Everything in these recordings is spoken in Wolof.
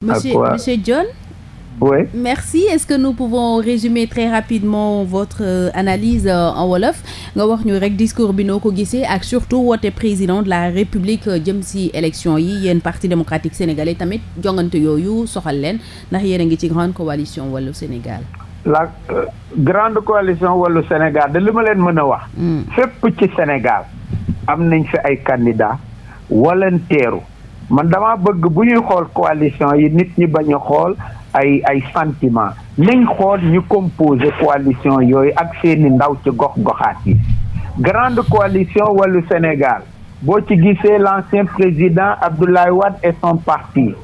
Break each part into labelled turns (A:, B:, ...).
A: Monsieur, Monsieur John Oui. Merci. Est-ce que nous pouvons résumer très rapidement votre euh, analyse euh, en wolof nga wax ñu rek discours bi noo ko gisee ak surtout woote président de la République euh, jëm ci élection yi yéen Parti démocratique sénégalais tamit jongante yooyu soxal leen ndax yéen a ngi ci grande coalition Wallu Sénégal.
B: la grande coalition Wallu Sénégal de li mën a wax. Hmm. fépp ci Sénégal am nañ fi ay candidats walanteeru. man dama bëgg bu ñuy xool coalition yi nit ñi bañ a xool ay ay sentiment nañ xool ñu composé coalition yooyu ak seeni ndaw ci gox-goxaat yi grand coalition wàllu Sénégal boo ci gisee l'ancien président Abdoulaye Wade et son parti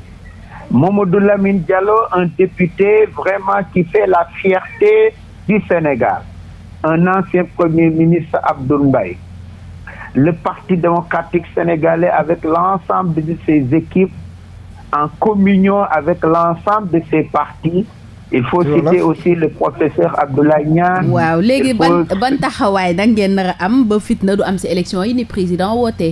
B: Mamadou Lamine Diallo un député vraiment qui fait la fierté du Sénégal un ancien premier ministre Abdoul Mbaye le Parti démocratique sénégalais avec l'ensemble de ses équipes, en communion avec l'ensemble de ses partis. il faut citer aussi le professeur Abdoulaye Niang.
A: waaw léegi ban ban taxawaay da ngeen am ba fitna du am ci élection yi ni président woote.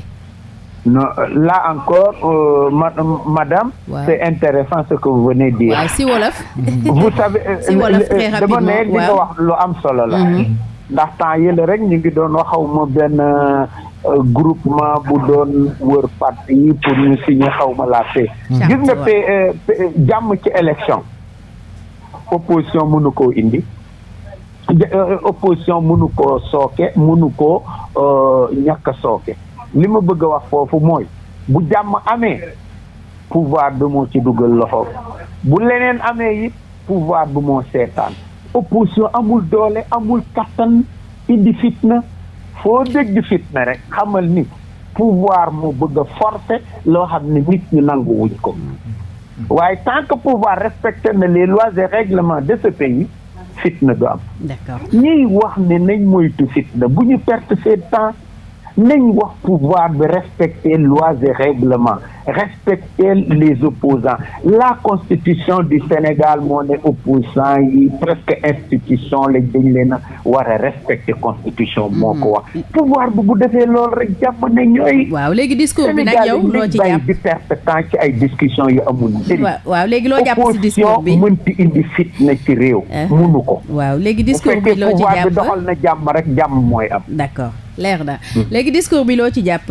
B: non là encore euh, ma madame. waaw c'est intéressant ce que vous venez dire. waaw si
A: wolof. Euh, euh, très rapidement dama
B: ne am solo la. Mhm. ndax temps yële rek ñu ngi doon waxaw ma benn. groupement bu doon wër parti pour ñu signer xaw ma la paix. gis nga euh, paix jàmm ci élection. opposition mënu koo indi. Euh, opposition mënu koo sooke mënu koo euh, ñàkk sooke li ma bëgg a wax foofu mooy bu jàmm amee pouvoir bi moo ci dugal loxo bu leneen amee it pouvoir bi moo seetaan opposition amul doole amul kattan indi fitna foo dégg fitna rek xamal ni pouvoir moo bëgg a loo xam ne nit ñu nangu wuñ ko waaye tant que pouvoir respecte na les lois et règlements de ce pays fitna du am ñiy wax ne nañ moytu fitna bu ñu perte seen temps nañ wax pouvoir bi respecter lois et règlements respecter les opposants la constitution di Sénégal moo ne opposants yi presque institution lañ dañ leen a war a respecter constitution moo ko wax hmm. pouvoir bi bu defee lool rek jàpp ne
A: ñooy waaw léegi discours bi nag yow loo ci di perte temps ci ay discussion yu amul njëriñ waaw léegi loo jàpp ci discours bi mënti indi na ci réew eh. munu ko waaw léegi discours bi loo jàpp doxal
B: na jàmm rek jàmm mooy am d'accord
A: leer na hmm. léegi discours bi loo ci jàpp.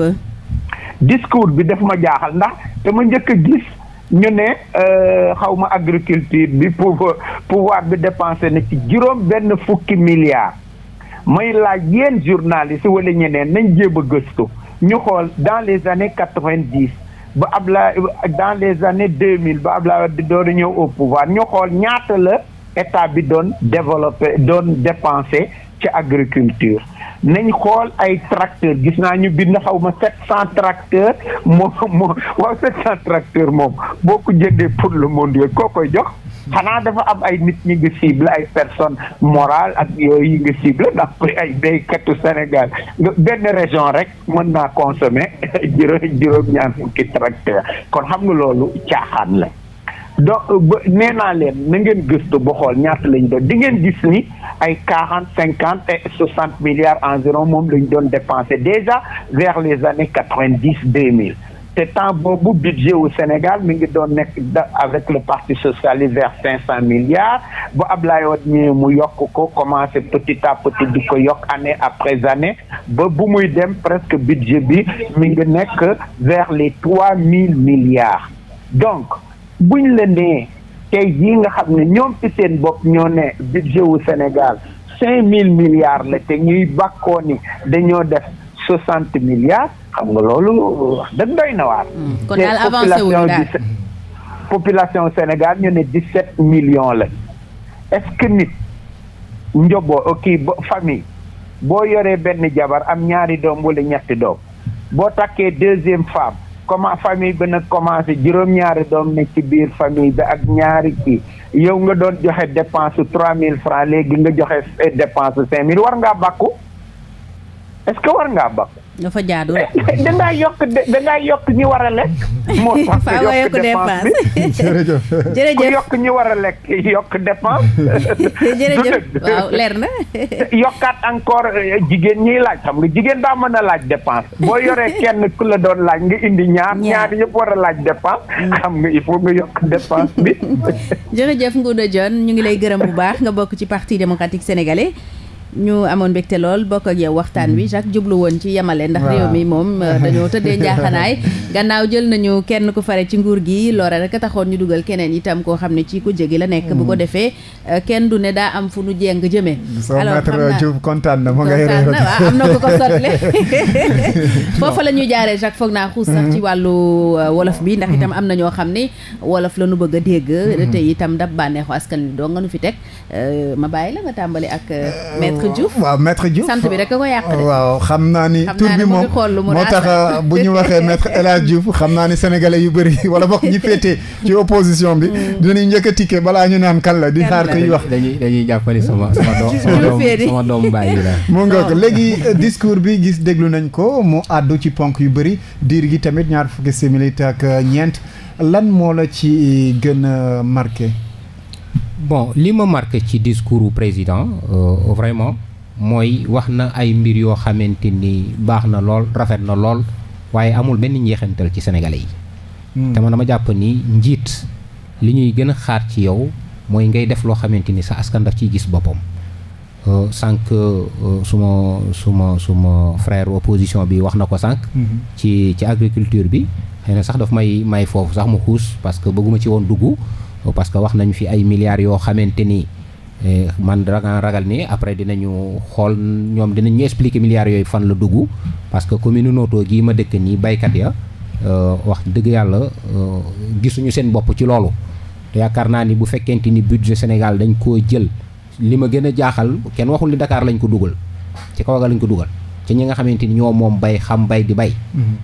A: discours bi daf ma jaaxal ndax dama njëkk a gis ñu ne
B: euh, xaw ma agriculture bi pour pouvoir bi dépensé na ci juróom benn fukki milliards may laaj yéen journaliste wala ñeneen nañ jéem a gëstu ñu xool dans les années quatre vingt dix ba Ablaye dans les années deux mille ba Ablaye di door a ñëw au pouvoir ñu xool ñaata la état bi doon développé doon dépensé ci agriculture nañ xool ay tracteur gis naa ñu bind xaw ma sept cent tracteur moom moom waaw sept cent tracteur boo ko jëndee pour le monde yooyu koo koy jox xanaa dafa am ay nit ñi nga cible ay personne morale ak yooyu yi nga cible ndax ay béykatu Sénégal benn région rek mën naa consommer juróom juróom ñaar fukki tracteur kon xam nga loolu caaxaan la donc ba nee naa leen na ngeen gëstu ba xool ñaata lañ doon di ngeen gis ni ay quarante cinquante et soixante milliards environ moom lañ doon dépensé déjà vers les années quatre vingt dix deux mille te temps boobu budget wu Sénégal mi ngi doon nekk avec le parti socialiste vers cinq cent milliards bu Ablaye Wade ñëwee mu yokk ko commencé petit à petit di ko yokk année après année ba bu muy dem presque budget bi mi ngi nekk vers les trois mille milliards donc buñ la nee tey jii nga xam ne ñoom ci seen bopp ñoo ne budget wu Sénégal cinq mille milliards la te ñuy bàkkoo ni dañoo def soixante milliards xam nga loolu wax dëgg doy na waar. Mm. kon population Sénégal ñu ne dix sept million la est-ce que nit njoboo kii ba famille boo yoree benn jabar am ñaari doom wala ñetti doom boo takkee deuxième femme. comment famille bi nag commencé juróom-ñaari doom ne ci biir famille bi ak ñaari kii yow nga doon joxe dépense su trois mille francs léegi nga joxe dépense su cinq mille war ngaa bàkku est-ce que war ngaa
A: dafa jaadu rek.
B: da ngaa yokk da yokk ñi war a lekk. moo tax nga yokk dépense
C: jërëjëf jërëjëf
B: yokk ñi war a lekk yokk dépense. na. yokkaat encore eh, jigéen ñiy laaj xam nga jigéen daa mën a laaj dépense boo yoree kenn ku doon laaj nga indi ñaar ñaar yëpp war a laaj dépense. Mm. xam nga il faut nga yokk dépense
C: bi.
A: ñu ngi lay gërëm bu baax nga bokk ci parti démocratique sénégalais. ñu amoon mbégte lool bokk ak yow waxtaan wi mm-hmm. Jacques jublu woon ci yemale ndax réew mi moom euh, dañoo tëddee njaaxanaay gannaaw jël nañu kenn ku fare ci nguur gi loola rek a taxoon ñu dugal keneen itam koo xam ne ci ku jege la nekk bu ko mm-hmm. defee euh, kenn du ne daa am fu nu jeng jëmee alors xam
D: kontaan na mu ngay reer am na ko ko sotle
A: foofa la ñuy jaaree Jacques foog naa xuus sax ci mm-hmm. wàllu euh, wolof bi ndax itam am na ñoo xam ne wolof la nu bëgg a dégg te itam dab bànneexu askan wi doo nga nu fi teg ma bàyyi la nga tàmbali ak maître maître waaw maître Diouf a
D: waaw xam naa ni tur bi moom moo tax bu ñu waxee maître El Hadj xam naa ni sénégalais yu bëri wala bokk ñi féetee ci opposition bi mm. dinañu njëkk a tikke balaa ñu naan kan la di xaar koy wax
E: dañuy dañuy jàppale sama sama doomu baay bi la mu
D: ngoog oh. léegi euh, discours bi gis déglu nañ ko mu àddu ci ponk yu bëri diir gi tamit ñaar fukki simili ak euh, ñeent lan moo la ci gën a marqué
E: bon li ma marqué ci discours du président euh, vraiment mooy wax na ay mbir yoo xamante ni baax na lool rafet na lool waaye amul benn njeexantal ci sénégalais yi. Hmm. te man dama jàpp ni njiit li ñuy gën a xaar ci yow mooy ngay def loo xamante ni sax askan daf ciy gis boppam. Euh, sànq euh, suma suma suma frère opposition bi wax na ko sànq. Hmm. ci ci agriculture bi xëy na sax daf may may foofu sax mu xuus parce que bëgguma ci woon dugg. parce que wax nañu fi ay milliards yoo xamante ni eh, man ragal ragal ni après dinañu xool ñoom dinañ ñu expliquer milliards yooyu fan la dugg parce que commune Noto gii ma dëkk nii baykat ya eh, wax dëgg yàlla eh, gisuñu seen bopp ci loolu yaakaar naa ni bu fekkente ni budget Sénégal dañ ko jël li ma gën a jaaxal kenn waxul ni Dakar lañ ko dugal ci kaw lañ ko dugal ci ñi nga xamante ni ñoo moom bay xam bay di bay mm-hmm.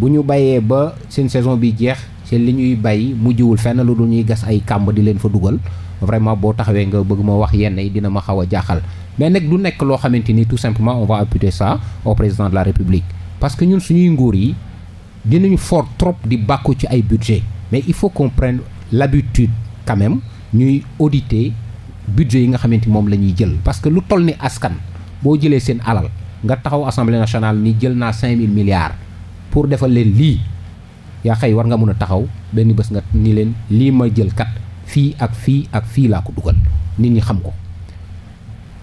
E: bu ñu bayee ba seen saison bi jeex te li ñuy bay mujjiwul fenn lu dul ñuy gas ay kàmb di leen fa dugal vraiment boo taxawee nga bëgg ma wax yenn yi dina ma xaw a jaaxal mais nag du nekk loo xamante ni tout simplement on va imputer ça au président de la république parce que ñun suñuy nguur yi dinañu fort trop di bàkku ci ay budget mais il faut qu'on prenne l'habitude quand ñuy auditer budget yi nga xamante ni moom la ñuy jël parce que lu toll ni askan boo jëlee seen alal nga taxaw assemblée nationale ni jël naa 5000 milliards pour defal leen lii yaa xëy war nga mun a taxaw benn bés nga ni leen lii ma jël kat fii ak fii ak fii laa ko dugal nit ñi xam ko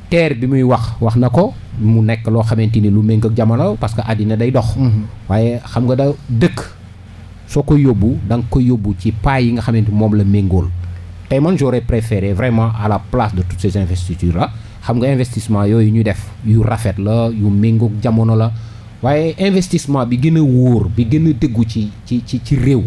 E: teer bi muy wax wax na ko mu nekk loo xamante ni lu méngoo jamono parce que àddina day dox mhm. waaye xam nga da dëkk soo ko yóbbu da nga ko yóbbu ci pas yi nga xamante moom la méngool tey man jore préféré vraiment à la place de tout ces investitures là xam nga investissement yooyu ñu def yu rafet la yu méngoog jamono la waaye investissement bi gën a wóor bi gën a déggu ci ci ci ci réew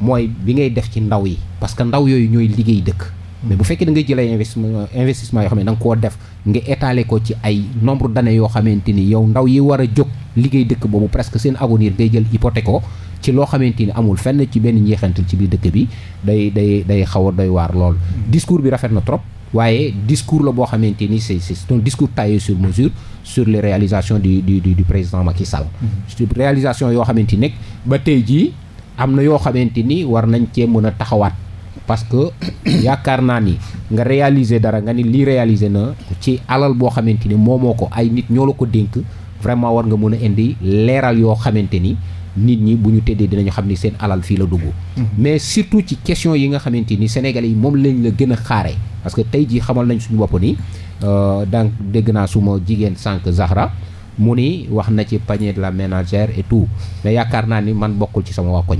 E: mooy bi ngay def ci ndaw yi parce que ndaw yooyu ñooy liggéey dëkk mais bu fekkee da nga jël ay investissement yoo xam ne da nga koo def nga étaler ko ci ay nombre d'années yoo xamante ni yow ndaw yi war a jóg liggéey dëkk boobu presque seen avenir day jël hypothèque ko ci loo xamante ni amul fenn ci benn njeexantal ci biir dëkk bi day day day xaw doy waar lool hmm. discours bi rafet na trop waaye discours la boo xamante ni c'est c'est un discours taillé sur mesure sur les réalisations du du du, du président Macky Sall. Mm-hmm. réalisation yoo xamante ni ba tey jii am na yoo xamante ni war nañ cee mën a taxawaat. parce que yaakaar naa ni nga réaliser dara nga ni lii réaliser na ci alal boo xamante ni moomoo ko ay nit ñoo la ko dénk vraiment war nga mën a indi leeral yoo xamante ni. nit ñi bu ñu tëddee dinañu xam ni seen alal fii la dugg. Mm-hmm. mais surtout ci question yi nga xamante ni sénégal yi moom lañ la gën a xaaree. parce que tey jii xamal nañ suñu bopp ni euh, donc dégg naa suma jigéen sànq Zahra mu ni wax na ci panier de la ménagère et tout mais yaakaar naa ni man bokkul ci sama waa koñ.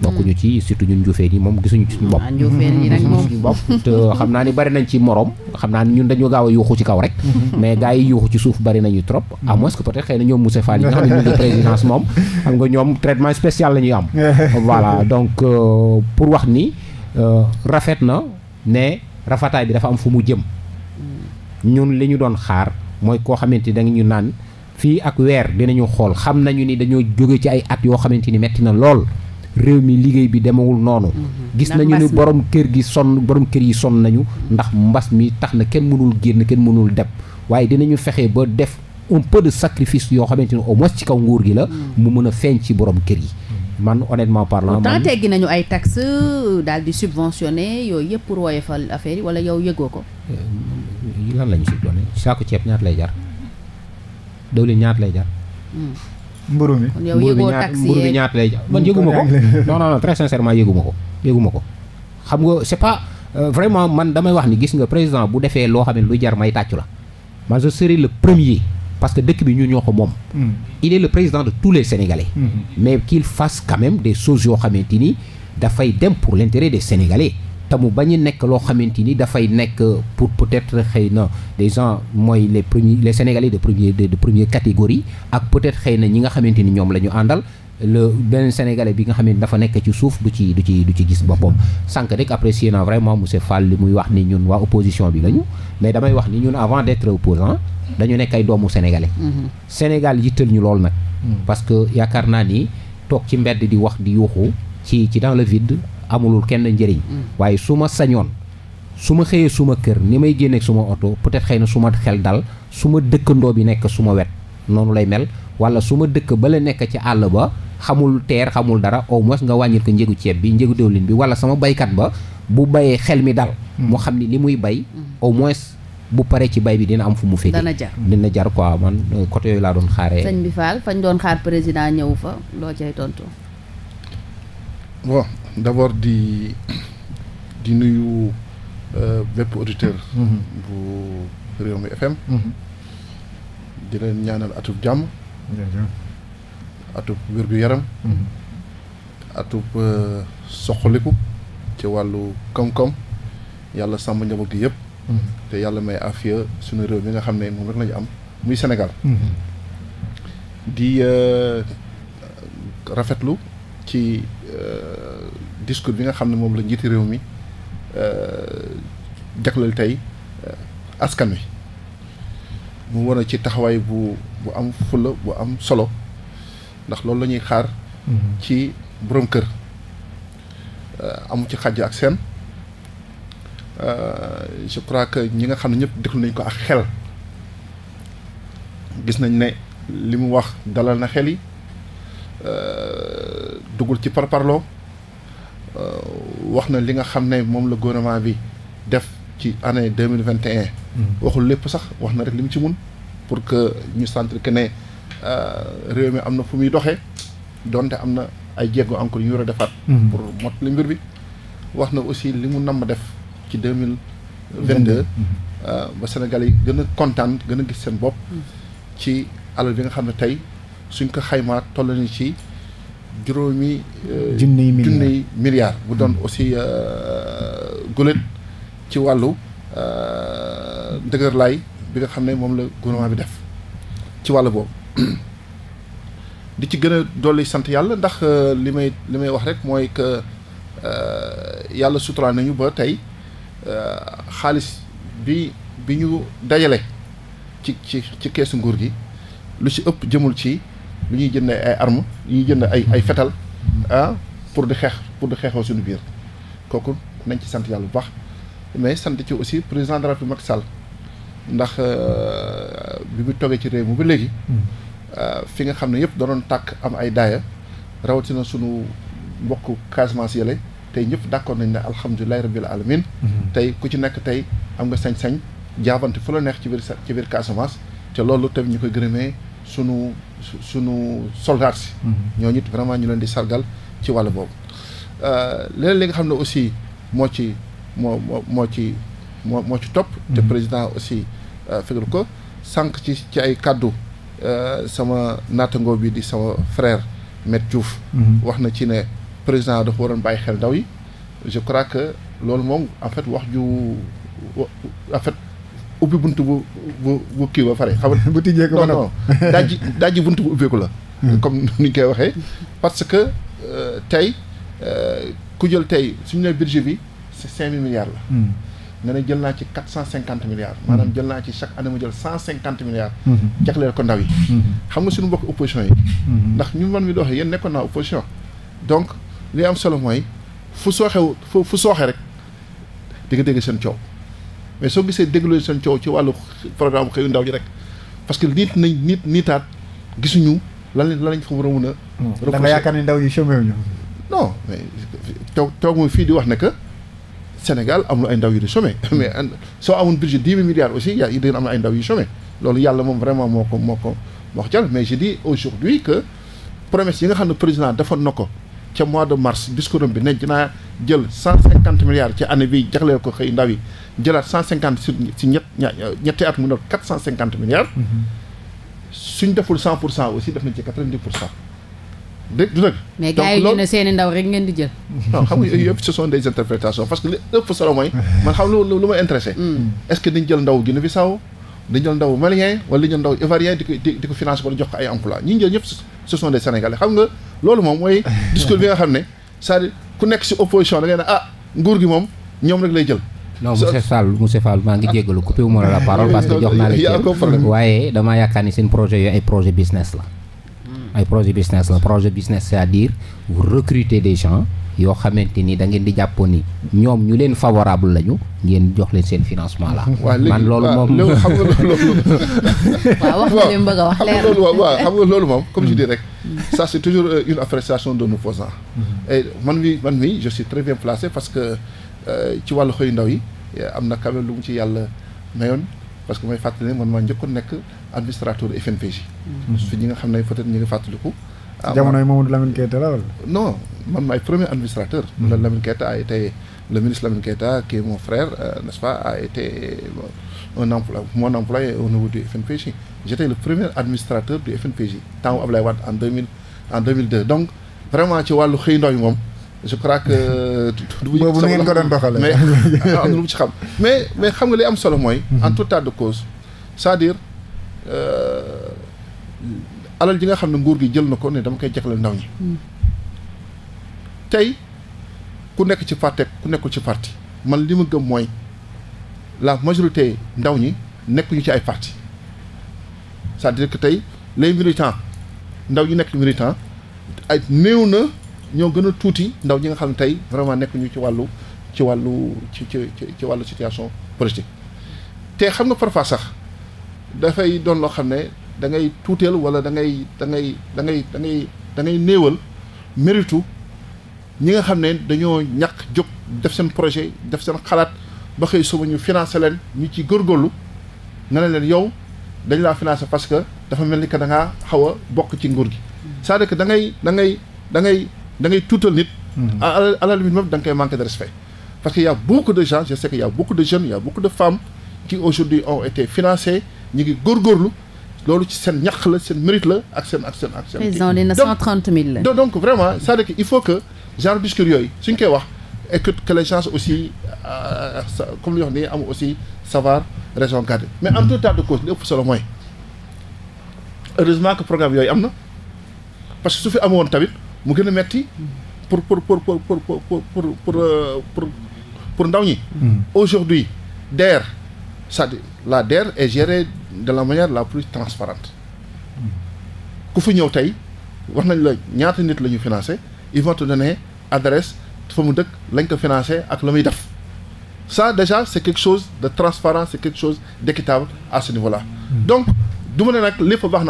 E: ñu ci surtout ñun njuufeen yi moom gisuñu ci suñu bopp ah, gisuñu bopp xam naa ni bari nañ ci morom xam naa ni ñun dañu gaaw a yuuxu ci kaw rek mhm. mais gars yi yuuxu ci suuf bari nañu trop à moins que peut être xëy na ñoom moom xam nga ñoom traitement spécial la ñuy am voilà donc euh, pour wax ni euh, rafet na ne rafetaay bi dafa am fu mu jëm ñun li ñu doon xaar mooy koo xamante ni da nga ñu naan fii ak weer dinañu xool xam nañu ni dañoo jóge ci ay at yoo xamante ni metti na lool réew mi liggéey bi demewul noonu mhm. gis nañu ni borom kër gi sonn borom kër yi sonn nañu ndax mbas mi tax na kenn mënul génn kenn mënul dem waaye dinañu fexe ba def un peu de sacrifice yoo xamante ne au moins ci kaw nguur gi la mhm. mu mën a feeñ ci borom kër yi mhm. man honnêtement parlant pourtant teggi
A: nañu ay taxes daal di subventionné yooyu yëpp pour woyofal affaire yi wala yow yëgoo ko
E: euh, lan lañu subventionné saako ceeb ñaata lay jar dawlin ñaata lay jar hmm. mburu mi
C: mburu bi ñaata lay man yëguma ko
E: non non non très sincèrement yëguma ko ko xam nga c'est pas euh, vraiment man damay wax ni gis nga président bu defee loo xam ne lu jar may tàccu la man je serai le premier parce que dëkk bi ñu ñoo ko moom hmm. il est le président de tous les Sénégalais hmm. mais qu'il fasse quand même des choses yoo xamante ni dafay dem pour l'intérêt de Sénégalais te mu bañ a nekk loo xamante ni dafay nekk pour peut-être xëy na des gens mooy les premiers les sénégalais de premier de première catégorie ak peut xëy na ñi nga xamante ni ñoom la ñu àndal. le benn sénégalais bi nga xam ne dafa nekk ci suuf du ci du ci du ci gis boppam sànq rek apprécier na vraiment monsieur Fall li muy wax ni ñun waa opposition bi lañu mais damay wax ni ñun avant d' être opposant dañu nekk ay doomu sénégalais. Mm-hmm. Sénégal yittal ñu lool nag. Mm. parce que yaakaar naa ni toog ci mbedd di wax di yuuxu ci ci dans le vide. amulul kenn njëriñ mm. waaye su ma sañoon su ma xëyee suma kër ni may génneeg suma oto peut-être xëy na suma xel dal suma ma dëkkandoo bi nekk suma wet noonu lay mel wala su ma dëkk ba la nekk ci àll ba xamul teer xamul dara au moins nga wàññil ko njëgu ceeb bi njëgu déwlin bi wala sama baykat ba bu bayee xel mi dal mm. mu xam ni li muy bay mm. au moins bu paree ci bay bi dina am fu mu fekk dana jar dina jar ko man euh, côté yooyu laa doon xaaree sëñ
A: bi Fall fañ doon xaar président ñëw fa loo cay tontu
E: d'abord di
F: di nuyu euh, bépp auditeur mm-hmm. bu réew mi FM mm-hmm. di leen ñaanal atub jàmm atub wér-gu-yaram mm-hmm. atub euh, soxaliku ci wàllu koom-koom yàlla sàmm njaboot gi yëpp te yàlla may afiya sunu réew mi nga xam ne moom rek lañu am muy Sénégal di euh, rafetlu ci discours bi nga xam ne moom la njiiti réew mi euh, jagleel tey euh, askan wi mu war ci taxawaay bu bu am fulla bu am solo ndax loolu la ñuy xaar mhm. ci borom kër euh, amu ci xaj ak seen je crois que ñi nga xam ne ñëpp déglu nañ ko ak xel gis nañ ne li mu wax dalal na xel yi duggul ci parparloo Euh, wax na li nga xam ne moom la gouvernement bi def ci année deux mille vingt et un mm. waxul lépp sax wax na rek li mu ci mun pour que ñu sentir que ne euh, réew mi am na fu muy doxee donte am na ay jéego encore yu war a defaat. Mm. pour mot li mbir bi. wax na aussi li mu nam def ci deux mille vingt deux mm. euh, ba Sénégal yi gën a kontaan gën a gis seen bopp. ci alal bi nga xam ne tey suñ ko xaymaa toll nañu ci. juróomi. Euh, junniy milliards junniy milliards bu doon hmm. aussi euh, guléet ci wàllu ndëgërlaay euh, bi nga xam ne moom la gouvernement bi def ci wàll boobu. di ci gën a dolli sant yàlla ndax li may li may wax rek mooy que yàlla suturaa nañu ba tey xaalis bi bi ñu dajale ci ci ci keesu nguur gi lu ci ëpp jëmul ci. lu ñuy jënd ay armes lu ñuy jënd ay ay fetal ah pour di xeex pour di xeexoo suñu biir kooku nañ ci sant yàlla bu baax mais sant ci aussi président dara la mag Macky Sall ndax euh, bi mu toggee ci réew mi ba léegi hmm. euh, fi nga xam ne yëpp danoon tàkk am ay daaya rawatina suñu mbokk Casamance yële tey ñëpp d'accord nañ ne alhamdulilahi rabbil alamin hmm. tey ku ci nekk tey am nga sañ-sañ jaabante fu la neex ci biir ci biir Casamance te loolu tamit ñu koy gërëmee sunu sunu soldat si. Mhm. ñooñu it vraiment ñu leen di sargal ci wàll boobu. Euh, leneen li nga xam ne aussi moo ci moo moo ci moo moo ci topp. te mhm. président aussi euh, fegal ko sànq ci ci ay kàddu euh, sama naatangoo bi di sama frère Met Diouf. Mhm. wax na ci ne président dafa waroon bàyyi xel ndaw yi. je crois que loolu moom en fait wax ju en fait. ubbi buntu bu bu kii ba pare xam nga. bu tijjee ko ba non non bu ubbeeku la. Hmm. comme ni ñu koy waxee. parce que euh, tey euh, ku jël tey suñu nee budget bi c'est cinq mille milliards hmm. nga ne jël naa ci quatre cent cinquante milliards. maanaam hmm. jël naa ci chaque année mu jël cent cinquante milliards. jagleel ko ndaw yi. xam nga suñu mbokk opposition yi. ndax ñu man mi doxee yéen nekkoon naa opposition. donc li am solo mooy fu sooxewu fu sooxe rek di nga dégg seen coow. mais soo gisee déglu seen coow ci wàllu programme xëyu ndaw yi rek parce que nit nañ nit niitaat gisuñu lan lan lañ fa war a mun a.
C: Hmm. da nga yaakaar
F: ni ndaw yi chômé ñu. non mais toog toog fii di wax ne que Sénégal am na ay ndaw yu di mais soo amoon budget dix mille milliards aussi yaa yi dina am na ay ndaw yu chômé loolu yàlla moom vraiment moo ko moo ko moo ko jël mais je dis aujourd'hui que promesse yi nga xam ne président defoon na ko ca mois de mars discours am bi ne dinaa jël cent cinquante milliards ci année bi jagleel ko xëy ndaw yi. jëlaat cent cinquante si ñett ñetti at mu ne quatre cent cinquante milliards. Mhm. suñ deful cent pour cent aussi def nañ ci quatre vingt dix pour cent. dëgg du dëgg. mais gars yi ñu ne
A: seeni ndaw rek ngeen di jël.
F: non xam nga yëpp ce sont des parce que li ëpp ma intéressé. Mm. est-ce que dañ jël ndaw Guinée Bissau dañ jël ndaw malien wala dañ ndaw ivoirien di ko financé wala jox ko ay emploi ñi jël ñëpp nga loolu moom mooy. discours bi nga xam ne cest à ku nekk ci opposition da ngay ne ah nguur gi moom
E: ñoom rek lay jël. non monsieur Fall monsieur Fall maa ngi jéggalu coupé wu ma la parole parce que jox naa leen waaye damaa yaakaar ni seen projet yooyu ay projet business la ay projet business la projet business c'est-à-dire vous des gens yoo xamante ni da ngeen di jàpp ni ñoom ñu leen favorable lañu ngeen jox leen seen financement la. man loolu moom waaw loolu.
C: waaw wax nga li mu
A: bëgg a wax leer na waaw xam nga
E: loolu moom comme je hmm. dis rek. ça c'est toujours euh,
F: une appréciation de nos hmm. man mi man mi je suis parce que. Euh, ci wàllu xëy ndaw yi euh, am na quand même lu mu ci yàlla mayoon parce que mooy fàttali ne man maa njëkkoon nekk administrateur FNPJ. fi mm-hmm. ñi nga xam ne peut-être ñu ngi fàttaliku. ah jamonoy Mamadou Lamine Keita la wala. non man maay premier administrateur. Mm-hmm. la Lamine Keita a été le ministre Lamine Keita qui est mon frère euh, n'est-ce pas a été un emploi mon employé au niveau du FNPJ. j'étais le premier administrateur du FNPJ temps Ablaye Wade en deux mille en deux mille deux donc vraiment ci wàllu xëy ndaw je crois que. du boobu ngeen ko doon doxalee mais am na lu mu ci xam. mais mais xam nga li am solo mooy. en tout état de cause c'est-à-dire alal ji nga xam ne nguur gi jël na ko ne dama koy jagleel ndaw ñi. tey ku nekk ci parti ku nekkul ci parti man li ma gëm mooy la majorité ndaw ñi nekkuñu ci ay parti c'est-à-dire que tey les militants ndaw ñi nekk militant ay néew na. ñoo gën a tuuti ndaw ñi nga xam ne tey vraiment nekkuñu ci wàllu ci wàllu ci ci ci wàllu situation politique. te xam nga parfois sax dafay doon loo xam ne da ngay tuuteel wala da ngay da ngay da ngay da da ngay néewal méritu ñi nga xam ne dañoo ñàkk jóg def seen projet def seen xalaat ba xëy suba ñu financé leen ñu ci góorgóorlu nga ne leen yow dañ laa financé parce que dafa mel ni que da ngaa xaw a bokk ci nguur gi. Mm. c'est-à-dire que da da ngay da ngay. da ngay tuutal nit. Mm-hmm. à la limite même da nga koy manquer de respect. parce que y' a beaucoup de gens je sais que y' a beaucoup de jeunes y' a beaucoup de femmes qui aujourd'hui ont été financées ñu ngi góorgóorlu loolu ci seen ñax la seen mérite la ak seen ak seen ak seen. président nee na cent
A: trente mille la.
F: donc vraiment c'est-à-dire que il faut que genre discours yooyu suñ koy wax et que que les gens aussi euh, comme li wax nii am aussi savoir raison garder. mais en mm-hmm. tout temps de cause li ëpp solo mooy heureusement que programme yooyu am na parce que su fi amoon tamit. mu gën a metti pour pour pour pour pour pour pour pour pour ndaw ñi. aujourd'hui DER c'est-à-dire la DER est gérée de la manière la plus transparente ku fi ñëw tey wax nañ la ñaata nit la ñu financé ils vont te donner adresse fa mu dëkk lañ ko financé ak la muy def ça déjà c'est quelque chose de transparent c'est quelque chose d'équitable à ce na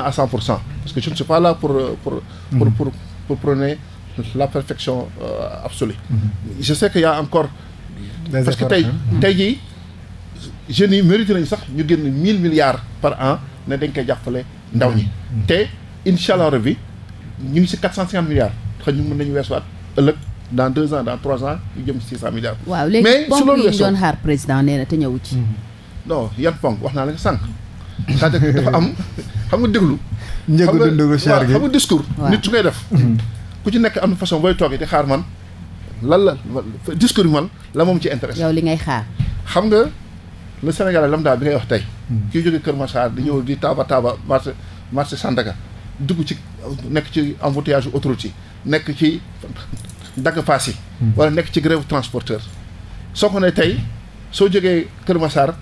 F: à pour cent que je ne suis pas là pour pour pour pour prenez la perfection euh, absolue. Mhm. je sais que y a encore. parce que tey mhm. tey jii jeunes yi mérité nañu sax ñu génn mille milliards par an ne dañ koy jàppale ndaw ñi. Mhm. te incha allah rabi ñu ngi si quatre cent cinquante milliards xëy ñu mën nañu weesuwaat ëllëg. dans deux ans dans trois ans ñu jëm six cent milliards. waaw léegi ponk yi ñu doon
A: xaar président nee na te ñëw ci.
F: non yan ponk wax naa la nga sànq. cest à dafa am xam nga déglu. njëgu dund cher gi xam nga discours. nit su ngay def. Hmm. ku ci nekk am façon booy toogee di xaar man lal la discours bi man la moom ci intéressé. yow li ngay xaar. xam nga le Sénégalais lambda bi ngay wax tey. Hmm. kii jógee Kër Massar di ñëw di taaba taaba marché marché Sandaga dugg ci nekk ci embouteillage autoroute nekk ci dagg paas yi. Hmm. wala nekk ci grève transporteur. soo ko ne tey soo jógee Kër Massar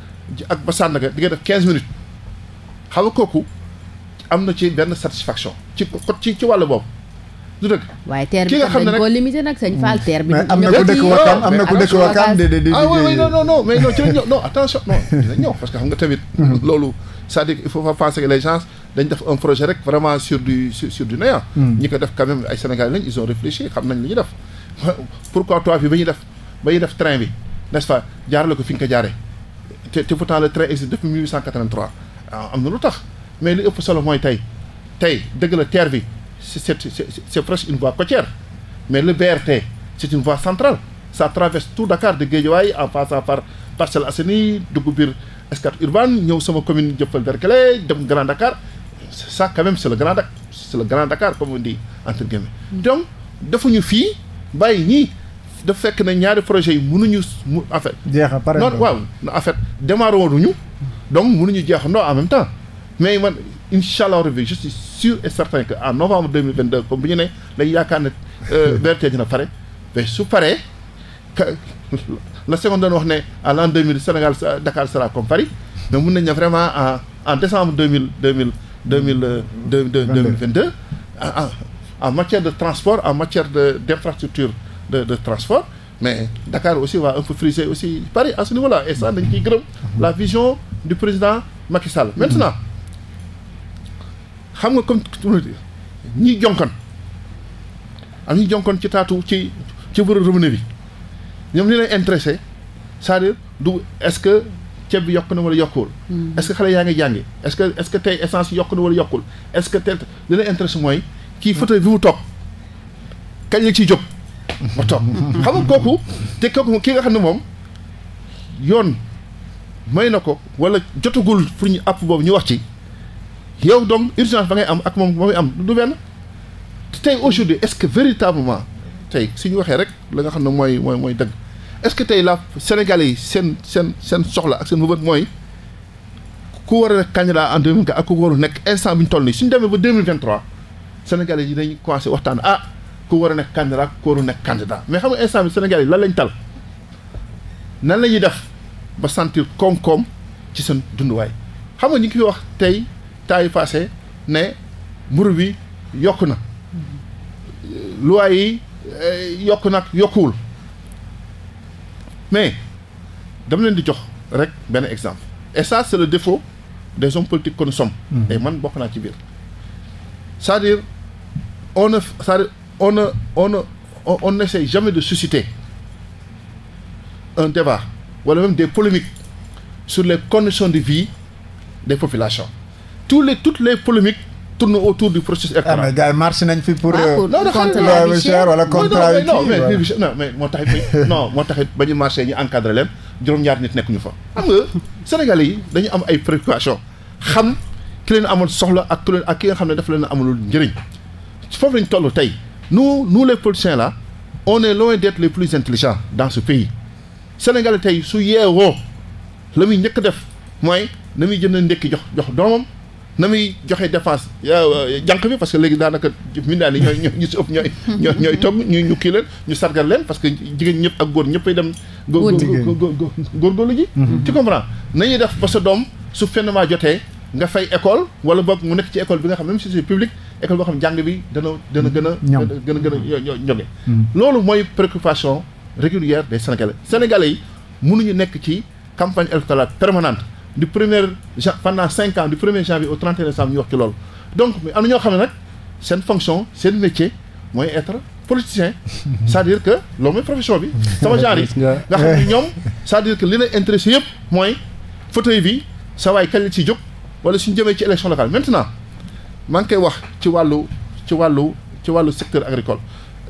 F: ak ba Sandaga di nga def quinze minutes. xam nga kooku am na ci benn satisfaction ci ci ci wàllu boobu. du
A: dëgg na ku dëkk ah, Wakaam ah,
F: que xam tamit. Mhm. loolu cest dire il faut pas penser que dañ def un projet rek vraiment sur du sur mhm. ñi ko def quand ay Sénégalais lañ ils ont réfléchi xam nañ li ñu def. pourquoi toi bi ba def ba ñuy def train bi n'est-ce pas jaarale ko fi nga ko jaaree te te pourtant le train existe depuis 1883. ah am na lu tax mais li ëpp solo mooy tey tey dëgg la TER bi c'est c'est c'est presque une voie côtière mais le BRT c'est une voie centrale ça traverse tout Dakar de Guédiawaye en passant par Parcelles Assainies dugg biir Scat Urbam ñëw sama commune Dieuppeul Derklé dem Grand Dakar ça quand même c'est le Grand Dakar c'est le Grand Dakar comme on dit entre guillemets mm. donc defuñu fii bàyyi ñii daf fekk na ñaari projets yi mënuñu mu en fait. jeexal pare noonu waaw en fait démarré wuñu donc mënuñu jeexandoo en même temps mais man incha allah rabbi je suis sûr et certain que en novembre deux mille vingt deux comme bi ñu ne dañu yaakaar ne BRT euh, dina pare mais su paree la seconde doon wax ne à l'an deux mille Sénégal Dakar sera comme Paris mun nañu vraiment en en décembre deux mille deux mille deux mille euh, deux mille vingt deux en matière de transport en matière de d'infrastructure de de transport mais Dakar aussi va un peu friser aussi Paris a ce niveau là et ça dañ ciy gërëm la vision du président Macky Sall. maintenant xam nga comme ñi jonkan am ñi jonkan ci taatu ci ci wërë bi ñoom li lay intéressé cest à du est-ce que ceeb bi yokk na wala yokkul. Hmm. est-ce que xale yaa ngi jàngi est-ce que est-ce que tey essence yokk na wala yokkul est-ce que tel li lay intéressé mooy. kii hmm. fauteuil bi mu toog kañ la ciy jóg. ma toog xam nga kooku te kooku ki nga xam ne moom yoon. may na ko wala jotagul pour ñu àpp boobu ñu wax ci yow donc urgence ba ngay am ak moom ba muy am du benn tey aujourd'hui est-ce que véritablement tey su waxee rek la nga xam ne mooy mooy mooy dëgg est-ce que tey la Sénégalais yi seen seen seen soxla ak seen mëbët mooy ku war a nekk candidat en 2024 ak ku warul nekk instant bi ñu toll nii suñu demee ba 2023 Sénégalais yi dañuy commencé waxtaan ah ku war a nekk candidat ku warul mais xam nga instant bi Sénégalais yi lan lañ tal nan la ñuy def. ba sentir koom-koom ci seen dunduwaay xam nga ñu ngi wax tey taayu passé ne mburu bi yokk na luwaay yi eh, yokk nag yokkuwul mais dama leen di jox rek benn exemple et sa c'est le défaut des hommes politiques que mhm. man bokk naa ci biir c'est-à-dire on ne c'est-à-dire on ne on jamais de susciter un débat wala même des polémiques sur les conditions de vie des populations tout les toutes les polémiques tournent autour du processus ah, électoral. ah mais nañ fi pour. Ah, contrat bi moo tax moo tax it ba ñu marché ñu encadré leen juróom-ñaar nit nekk ñu fa. xam nga Sénégalais yi dañu am ay préoccupations xam ki leen amul soxla ak ki leen ak ki nga xam ne dafa leen amalul njëriñ foofu lañ toll tey nous nous les politiciens là on est loin d'être les plus intelligents dans ce pays. Sénégalais tey su yeewoo la muy njëkk def mooy na muy jënd ndékki jox jox doomam na muy joxe dépense jànq bi parce que léegi daanaka mindaan yi ñooy ñu si ëpp ñooy ñooy togg ñu ñu kii leen ñu sargal leen parce que jigéen ñëpp ak góor ñëppay dem góorgóorlu ji tu comprends nañuy def ba sa doom su phénomène jotee nga fay école wala boog mu nekk ci école bi nga xam même si c'est public école boo xam jàng bi dana dana gën a gën a gën a ñoge loolu mooy préoccupation régulière des sénégalais sénégalais yi ñu nekk ci campagne électorale permanente du premier jan pendant cinq ans du premier janvier au 31 décembre ñu wax ci loolu. donc am na ñoo xam ne nag seen fonction seen métier mooy être politicien c'est-à-dire que loolu mooy profession bi. sama genre yi nga xam ne ñoom c'est-à-dire que li leen intéressé yëpp mooy fauteuil bi sa waay kañ la ciy jóg wala suñu jëmee ci élection locale maintenant maa ngi koy wax ci wàllu ci wàllu ci wàllu secteur agricole.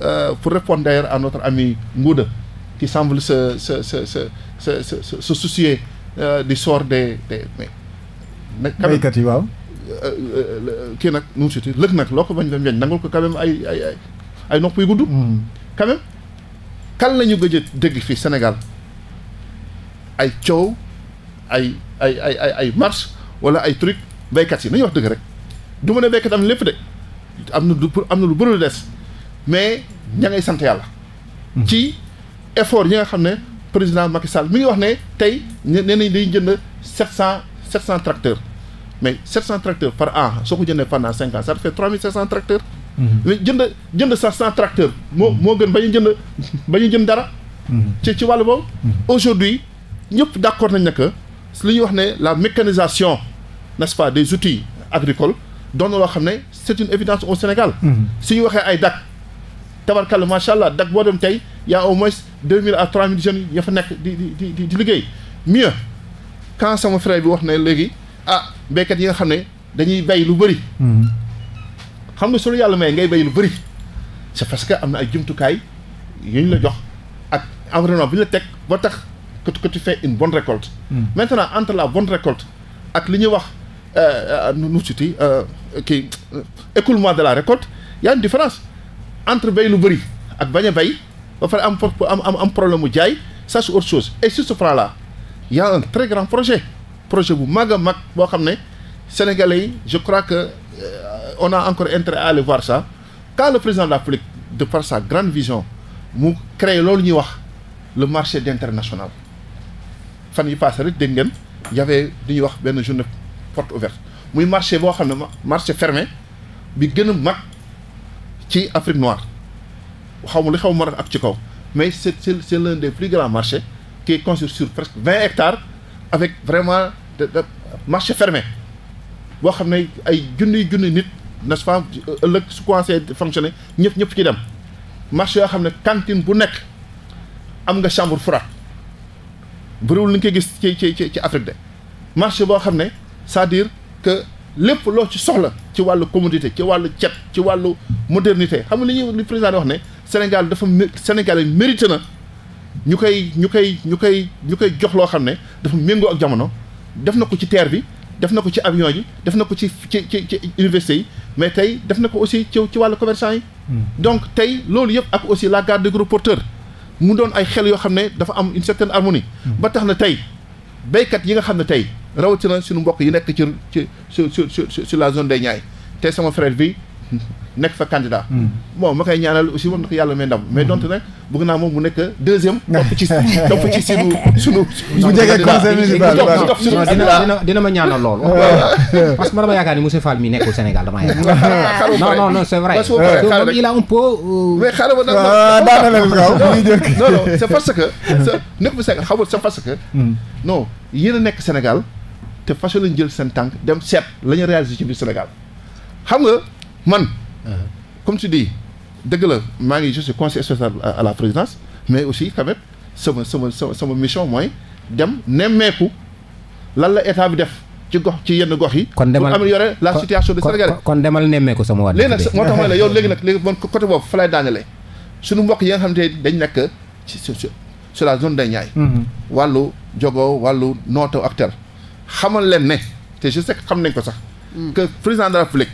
F: euh, pour répondre d'ailleurs à ami Ngouda, qui semble sa sa se, sa soucier euh, di sort des. des mais. béykat yi waaw. Euh, euh, kii nag nu mu si lëg nag loo ko bañ bañ bañ nangul ko quand ay ay ay ay nopp yu gudd. Hmm. quand même kan la ñu gëj a fii Sénégal ay coow ay ay ay ay ay marche wala ay truc baykat yi nañu wax dëgg rek du ma ne béykat am lépp de am na du am na lu bëri lu des. mais ña ngay sant yàlla. ci effort yi nga xam ne président Macky Sall mi ngi wax ne tey nee nañ dañuy jënd sept cent sept cent tracteurs mais sept cent tracteurs par an soo ko jëndee pendant cinq ans ça fait trois mille mm-hmm. jënd jënd sax cent tracteurs. Mm-hmm. moo gën ba ñu jënd ba ñu jënd dara. Mm-hmm. ci ci wàllu boobu. aujourd'hui ñëpp d'accord nañ ne que li ñuy wax ne la mécanisation nest pas des outils agricoles doon na loo xam ne c'est une évidence au Sénégal. su ñu waxee ay DAC. tabarkalla macha allah dak boo dem tey y' a au moins deux mille à trois mille jeunes ya fa nekk di di di liggéey mieux quand sama frère bi wax na léegi ah béykat yi nga xam ne dañuy bay lu bëri. Hmm. xam nga solo yàlla may ngay bay lu bëri. c'est parce que am na ay jumtukaay yu ñu la jox ak environnement bi ñu la teg ba tax que tu que tu fais une bonne récolte. Hmm. maintenant entre la bonne récolte ak li ñuy wax euh, euh, nu nu tuuti euh, kii écoulement de la récolte y une différence. entre bay lu bëri ak bañ a bay ba pare am am am problème mu jaay sa c'est autre chose et sur ce plan là un très grand projet projet bu mag a mag boo xam ne sénégalais yi je crois que euh, on a encore intérêt à aller voir ça quand le président de la République de par sa grande vision mu créé loolu ñuy wax le marché d'international fan yi passé rek dégg ngeen y avait du ñuy wax benn journée porte ouverte muy marché boo xam ne marché fermé bi gën mag ci Afrique noire xaw ma lu xaw Maroc ak ci kaw mais c'est c'est c'est des plus grands marché qui est sur presque vingt hectares avec vraiment marché fermé boo xam ne ay junniy junni nit n'est-ce pas ëllëg su commencé fonctionner ñëpp ñëpp ci dem marché yoo xam ne cantine bu nekk am nga chambre froide bëriwul li nga koy gis ci ci ci Afrique de marché boo xam ne cest à que lépp loo ci soxla ci wàllu commodité ci wàllu cet ci wàllu modernité xam nga li ñuy li président di wax ne Sénégal dafa Sénégal yi mérité na ñu koy ñu koy ñu koy ñu koy jox loo xam ne dafa méngoo ak jamono def na ko ci terre bi def na ko ci avion yi def na ko ci ci ci ci université yi mais tey def na ko aussi ci ci wàllu commerçant yi. Hmm. donc tey loolu yëpp ak aussi la garde des porteur mu doon ay xel yoo xam ne dafa am une certaine hmm. ba tax na tey béykat yi nga xam ne tey. rawatina suñu mbokk yi nekk ci ci su su sur la zone des Niayes te sama frère bi nekk fa candidat. Hmm. bon ma koy ñaanal aussi moom ndax yàlla may ndam mais hmm. donte nag bëgg naa moom mu nekk deuxième. topp ci topp ci sunu
E: sunu. bu jege conseil municipal dina dina ma ñaanal loolu. parce que ma dama yaakaar ni monsieur Fall mi nekkul Sénégal dama yaakaar. non non non c'est vrai. parce que il a un peu. Euh, mais xaaral ma ah, daanaka non non c'est parce que. nekk bu Sénégal xamul
F: c'est parce que. Hmm. non yéen a nekk Sénégal. te façon lañ jël seen tànk dem seet la ñu réalisé ci biir Sénégal xam nga man. comme tu dis dëgg la maa ngi je suis conseiller à la présidence mais aussi quand même sama sama sama sama mission mooy dem nemmeeku lan la état bi def ci gox ci yenn gox yi. kon demal pour améliorer la situation de Sénégalais.
E: kon demal nemmeeku sama wàll. léegi nag moo tax ma ne yow léegi
F: nag léegi man côté boobu fa lay daanale yi nga xam te dañ nekk ci sur la zone des ñaay mhm. wàllu jogo wàllu nooto ak xamal leen ne te je sais que xam nañ ko sax. Mm. que président de la République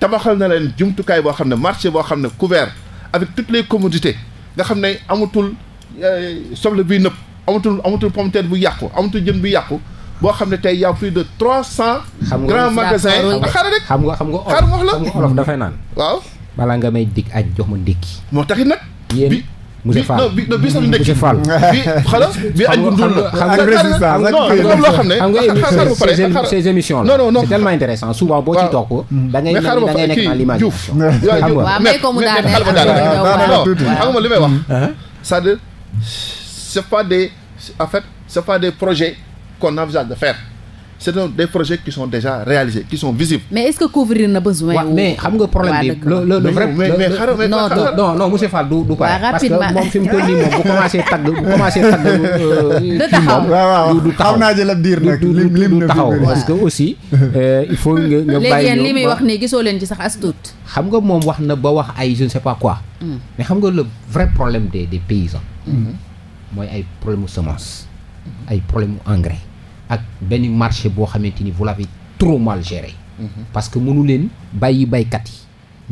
F: tabaxal na leen jumtukaay boo xam ne marché boo xam ne couvert avec toutes les commodités nga xam ne amatul euh, soble biy nëpp amatul amatul pomme bu yàqu amatul jën bu yàqu. boo xam ne tey y' a plus de trois cent. grands magasins xaaral rek xam
E: nga xam nga olof xam nga olof dafay naan. waaw balaa nga may dig ak jox ma ndékki. moo taxit nag. yéen monsieur Fall non bi non bi sama ndekki Fall bi xala bi añ bu ndul xam nga loo xam ne xam nga émissions c'est tellement intéressant souvent boo ci toog nekk dans l'image Diouf waaw
A: may ko mu daane
F: xam nga li may wax ah, ah. c'est-à-dire c'est pas des en fait c'est pas des projets qu'on c'est des projets qui sont déjà
A: réalisés qui sont visibles. mais est-ce que couvrir na besoin. waaw mais xam nga problème bi. le le le mais non
E: non non monsieur Fall du du parce que moom fi mu nii moom bu commencé tagg bu commencé tagg. Euh, du taxaw du taxaw naa jëlal diir nag lim lim taxaw parce que aussi. Euh, il faut li muy wax
A: nii gisoo leen ci sax as tuut.
E: xam nga moom wax na ba wax ay je ne sais pas quoi. Hmm. mais xam nga la vrai problème des des paysans. Hmm. mooy ay problème mu semence. ay problème engrais. ak benn marché boo xamante ni vous l'avez trop mal géré. Mhm. parce que mënu leen bàyyi baykat yi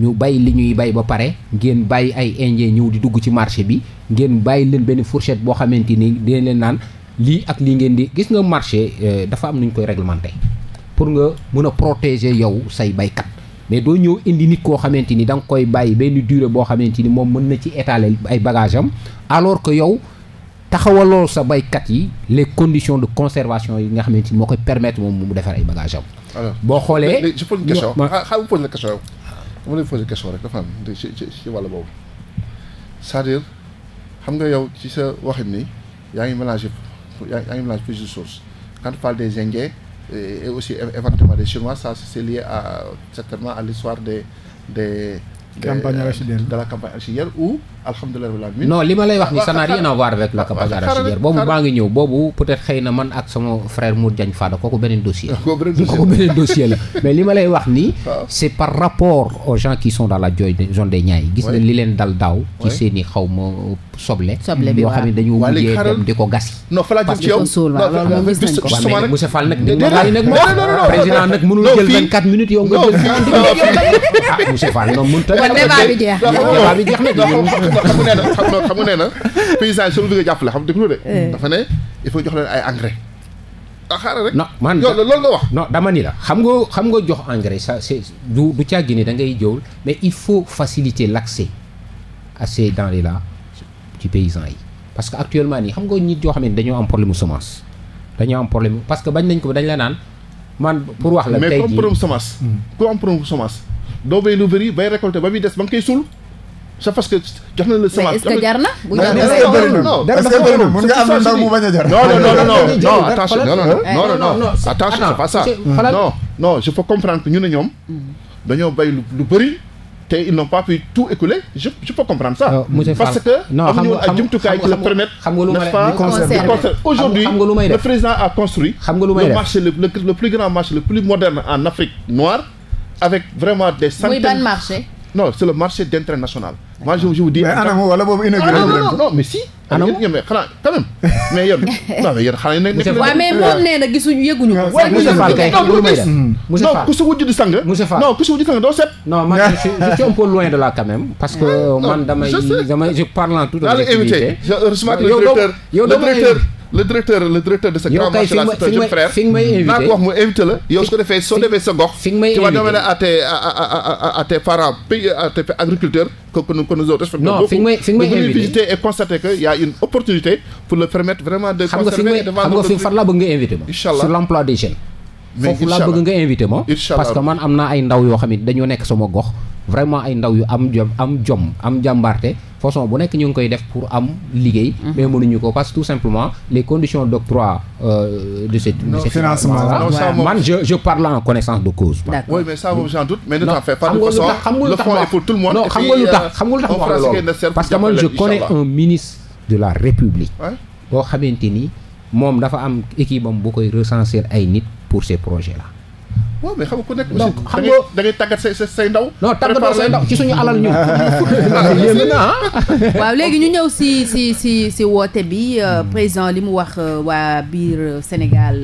E: ñu bàyyi li ñuy bay ba pare ngeen bàyyi ay indien ñëw di dugg ci marché bi ngeen bàyyi leen benn fourchette boo xamante ni dina leen naan lii ak lii ngeen di gis nga marché euh, dafa am nu ñu koy réglementé pour nga mën a protéger yow say baykat mais doo ñëw indi nit koo xamante ni da nga koy bàyyi benn durée boo xamante ni moom mën na ci étaler ay bagage am alors que yow taxawaloo sa baykat yi les condition de conservation yi nga xamante ni moo koy permettre moom mu defar ay bagages boo
F: xoolee. mais je pose une question xaaral ma ah, ah, pose la question yow. dama lay pose question rek dafa am ci ci ci wàll boobu cest xam nga yow ci sa waxin ni yaa ngi mélanger yaa ngi mélanger plusieurs sources quand tu parles des Indiens et aussi éventuellement des Chinois ça c'est lié à certainement à l'histoire des des. des campagnes euh, arachidiennes de la campagne arachidienne ou. alhamdulilah rabbil alamin non li ma lay wax ni ça n'a rien
E: avec la capa arachidière boobu maa ngi ñëw boobu peut-être xëy na man ak sama frère Mour Diagne Fada kooku beneen dossier kooku beneen dossier mais li ma lay wax ni c'est par rapport aux gens qui sont dans la zone des gis na li leen dal daaw ci seeni xaw ma soble yoo xam ne dañu mujjee dem di ko gas yi non nag di ma nag ma président nag mënul jël 24 minutes yow nga jël 30 minutes yow monsieur Fall noonu mënut a débat bi jeex
F: na nga xam nga nee na xam nga xam nga nee na paysans yi soo bëggee jàppale xam déglu de. Eh. dafa ne
E: il faut jox leen ay engrais. ah xaaral rek non man yow loolu wax. non dama ni la xam nga xam nga jox engrais ça c'est du du càggi ni da ngay jowul mais il faut faciliter l'accès à ces denrées-là ci paysans yi. parce que actuellement nii xam nga nit yoo xam ne dañoo am problème mu semence dañoo am problème parce que bañ nañ ko dañ la naan man pour wax la. tey jii mais comme problème semence. Hmm. ku am problème semence doo lu bëri bay récolter ba muy des ba nga koy suul. c'est
F: parce que jox nañ la semence. mais est-ce que jar na. bu jar na est-ce que bëri na non est-ce que bëri na mën nga am na ndaw mu bañ a jar. non non non non non attention eh, non non non non non attention c'est pas ça. non non je peux comprendre que ñu ne ñoom. Mm. dañoo bay lu lu bëri. te ils n'ont pas pu tout écouler je je peux comprendre ça. parce que amuñu ay jumtukaay qui le permettent. xam nga lu ma lay aujourd'hui le président a construit. xam nga lu may def le marché le plus grand marché le plus moderne en Afrique noire. avec vraiment des centaines muy ban marché. non c'est le marché d'intérêt national. moi je vous dis. mais ana wala boobu inauguré. ah non non mais si. ana yéen mais xanaa quand même. mais yéen non mais yéen xanaa nekk nañu.
A: waaw kay
F: xam lu may ku si
E: wujj di sang. monsieur Fall non ku si wujj di sang doo set. non man je suis je un peu loin de là quand parce que man damay damay je parle en toute objectivité. daal invité heureusement que le directeur le le
F: directeur le directeur de ce grand marché là c'est un jeune frère invité la yow su ko defee soo demee sa gox fi tu vas demander à tes à tes parents pays à tes agriculteurs que nga may fi nga may invité visiter et constater a une opportunité pour le permettre vraiment de conserver devant xam nga fi fan laa
E: bëgg nga invité ma inchallah sur l'emploi des jeunes laa bëgg nga invité ma parce que man am naa ay ndaw yoo xam ne dañoo nekk sama gox vraiment ay ndaw yu am jom am jom am jàmbaarte façon bu nekk ñu ngi koy def pour am liggéey. Mhm. mais mënuñu ko parce que tout simplement les conditions d'octroi euh, de ce financement là man je je parle en connaissance de cause.
F: d'accord xam nga lu tax xam nga lu tax ma euh, wax je connais un
E: ministre de la République. boo xamante ni moom dafa am équipe bu koy recenser ay nit pour ces projets là.
F: waaw mais xam nga ku nekk aussi ndaw. non say ndaw ci suñu alal ñu.
A: Ah, ah. waaw léegi ñu ñëw si si si si woote bi euh, hmm. président li mu wax euh, waa biir euh, Sénégal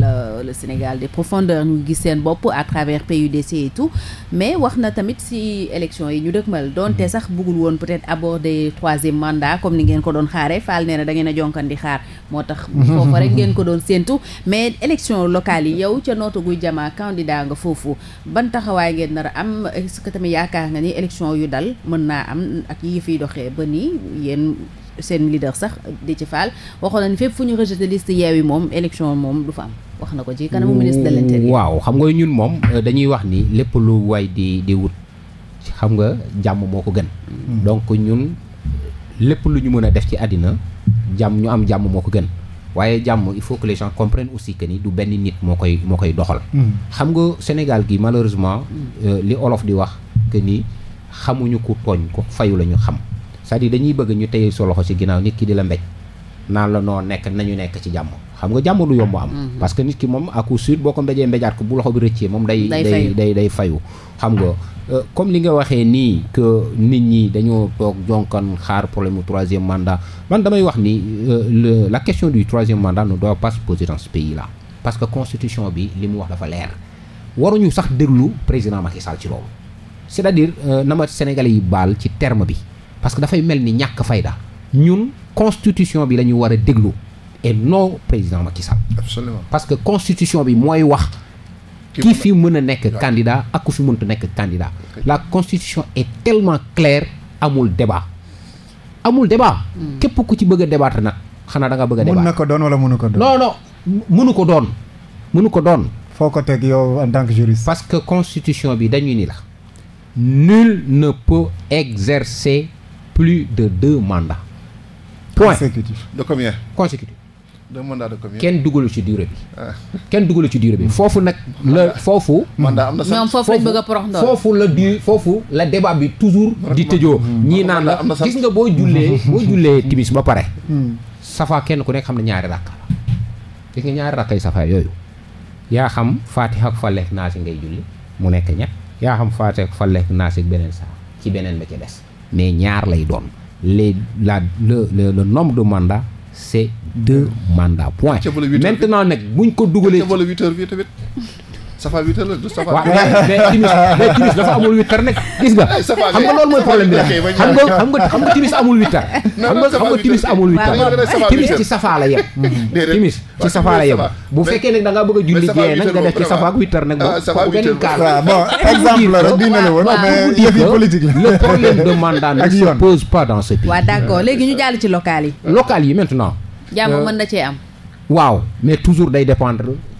A: le Sénégal des profondeurs ñu gis seen bopp à travers PUDC et tout mais wax na tamit si élection yi ñu dëkkmal donte sax buggul woon peut-être aborder troisième mandat comme ni ngeen ko doon xaaree Fall nee na da ngeen a jonkan di xaar moo tax. foofu rek ngeen ko doon séentu mais élection locale yi yow foofu ban taxawaay ngeen nar a am est-ce yaakaar nga ni élection yu dal mën naa am ak yi fiy doxee ba nii yéen seen leader sax di ci faal waxoon na ni fépp fu ñu rejeté liste Yewwi moom élection moom du fa am wax na ko ci kanamu ministre de l'intérieur
E: waaw xam nga ñun moom euh, dañuy wax ni lépp lu waay di di wut xam nga jàmm moo ko gën hmm. donc ñun lépp lu ñu mën a def ci àddina jàmm ñu am jàmm moo ko gën waaye jàmm il faut que les gens comprennent aussi que ni du benn nit moo koy moo koy doxal. Hmm. xam nga Sénégal gi malheureusement hmm. euh, li olof di wax que ni xamuñu ku tooñ ko fayu la ñu xam cest à dañuy bëgg ñu tey sa loxo ci ginnaaw nit ki di la mbéj naan la noo nekk nañu nekk ci jàmm. xam nga jàmm du yomb am. Hmm. parce que nit ki moom à coup sûr boo ko mbéjee mbéjaat ko bu loxo bi rëccee moom. day day day day fayu xam nga. Euh, comme li nga waxee nii que nit ñi dañoo toog jonkan xaar problème mu troisième mandat man damay wax ni euh, le la question du troisième mandat ne doit pas se poser dans ce pays parce que constitution bi li mu wax dafa leer waruñu sax déglu président Macky Sall ci loolu c'est-à-dire euh, na ma sénégal yi baal ci terme bi parce que dafay mel ni ñàkk fayda ñun constitution bi la ñu war a déglu et non président Macky Sall parce que constitution bi mooy wax ki fi mën a nekk candidat ak ku fi mënta nekk candidat la constitution est tellement claire amul débat amul débat hmm. képp ku ci bëgg a débattre nag xanaa da nga bëgg a débat mën na ko doon mënu ko doon mënu ko doon foo ko teg yow en tant que parce que constitution bi dañuy ni la nul ne peut exercer plus de deux mandats point consécutif de
F: deux mandats de commune kenn
E: dugalu ci durée bi. Ah. kenn dugalu ci durée bi foofu nag. la ah. foofu. mandat am na sax ñoom foofu lañ bëgg a foofu la du foofu la débat bi toujours. di tëjoo ñii naan la gis nga boo jullee boo jullee timis ba pare. Hmm. safa kenn ku nekk xam ne ñaari rakka la. gis nga ñaari rakkay safa yooyu. yaa xam Fatiha ak Falek naasi ngay julli mu nekk ñett yaa xam Fatiha ak naa si beneen saa ci beneen ba ci des mais ñaar lay doon les la le le nombre de mandat c'est deux mandats point
F: maintenant nag buñ ko dugalee. ca huit heures fii safa witar la du safa. waaw mais timis mais timis dafa amul
E: witar nag gis nga. xam nga loolu mooy problème bi nag xam nga xam nga timis amul witar. timis ci safa la yem. timis ci safa la yem bu fekkee nag da bëgg a julli jee nag nga def ci safa ak witar nag. Ah, safa ak witar waaw bon la rek problème de mandat pose pas dans ce pays. waaw léegi
A: ñu jàll ci local yi.
E: local yi maintenant.
A: jàmm euh, mën na cee am.
E: waaw mais toujours day dépendre.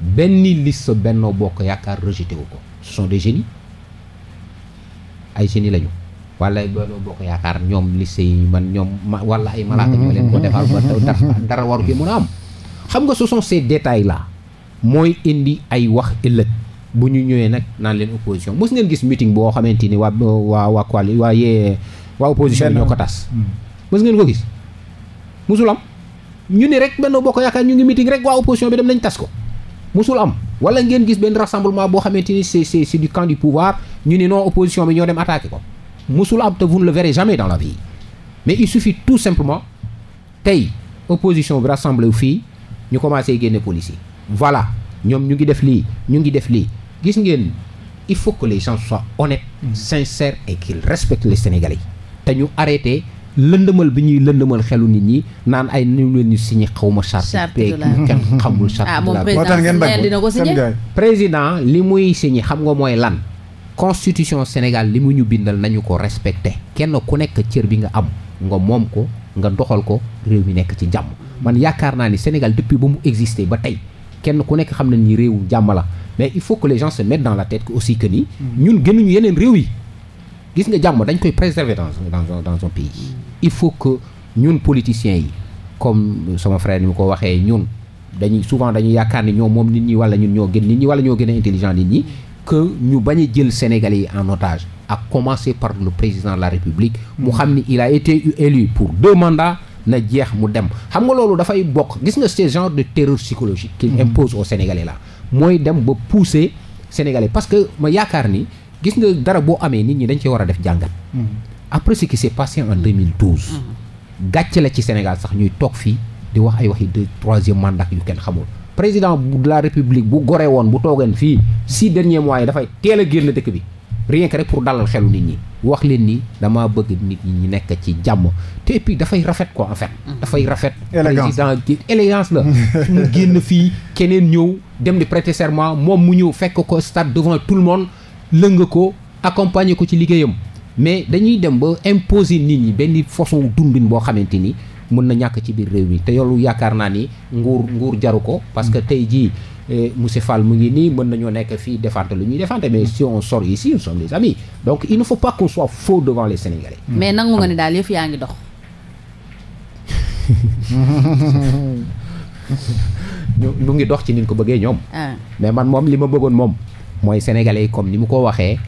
E: benn liste Benno Bokk Yaakaar rejeté ko ce sont des génies ay génies lañu wala Benno Bokk Yaakaar ñoom liste yi man ñoom wala ay malaaka ñoo leen ko defal ba dara waru ki mën a am xam nga ce sont ces la mooy indi ay wax ëllëg bu ñu ñëwee nag naan leen opposition mos ngeen gis meeting boo xamante ni waa waa waa quoi waa yee hmm. mosul am ñu ni rek Benno Bokk Yaakaar ñu ngi meeting rek waa opposition bi dem nañ tas ko musul am wala ngeen gis benn rassemblement boo xamante ni c'est c'est c'est du camp du pouvoir ñu ni non opposition bi ñoo dem attaqué ko musul am te vous ne le verrez jamais dans la vie mais il suffit tout simplement tey opposition bi rassemblé wu fii ñu commencé génne policie voilà ñoom ñu ngi def lii ñu ngi def lii gis ngeen il faut que les gens soient honnêtes mm. sincères et qu'ils respectent les Sénégalais te ñu arrêté lëndëmal bi ñuy lëndëmal xelu nit ñi naan ay ñu leen ñu signé xawma charte bi kenn mm-hmm. xamul charte bi ah, la dina ko signé président li muy signé xam nga mooy lan constitution Sénégal li mu ñu bindal nañu ko respecté kenn ku nekk cër bi nga am nga moom ko nga doxal ko réew mi nekk ci jàmm man yaakaar naa ni Sénégal depuis ba mu existé ba tey kenn ku nekk xam na ni réewu jàmm la mais il faut que les gens se mettent dans la tête aussi que ni mm-hmm. ñun gënuñu yeneen réew yi gis nga jàmm dañ koy préserver dans dans dans un pays il faut que ñun politiciens yi comme sama frère ni mu ko waxee ñun dañuy souvent dañuy yaakaar ni ñoo moom nit ñi wala ñun ñoo gën nit ñi wala ñoo gën a intelligent nit ñi que ñu bañ a jël Sénégalais yi en otage ak commencer par le président de la République mu xam ni il a été élu pour deux mandats na jeex mu dem xam nga loolu dafay bokk gis nga ce genre de terreur psychologique qu'il mm-hmm. impose aux Sénégalais là mooy dem ba pousser Sénégalais parce que ma yaakaar ni gis nga dara boo amee nit ñi dañ ci war a def jàngat mm-hmm. après ce qui s'est passé en 2012.
C: Mhm.
E: gàcce la ci Sénégal sax ñuy toog fii di wax ay waxi de troisième mandat yu kenn xamul. président bu la république bu gore woon bu toogeen fii si dernier mois yi dafay teel a génn dëkk bi rien rek pour dalal xelu nit ñi wax leen ni damaa bëgg nit ñi ñu nekk ci jàmm te et dafay rafet ko en fait. Mhm. dafay rafet. président élégance la. mu génn fii keneen ñëw dem di prêter serment moom mu ñëw fekk ko stade devant tout le monde lëng ko accompagner ko ci liggéeyam. mais dañuy dem ba imposer nit ñi benn façon dundin boo xamante ni mën na ñàkk ci biir réew mi te yoolu yaakaar naa ni nguur nguur jaru ko parce que tey jii eh, monsieur Fall mu ngi nii mën nañoo nekk fii défendre lu ñuy défendre mais si on yi ici nous sommes des amis donc il ne faut pas qu'on soit faux devant les Sénégalais.
A: Hmm. mais nangu nga ni daal yëf yaa ngi dox.
E: ñu ngi dox ci ni ñu ko bëggee ñoom. Ah. mais man moom li ma bëggoon moom. mooy sénégalais yi comme ni mu ko waxee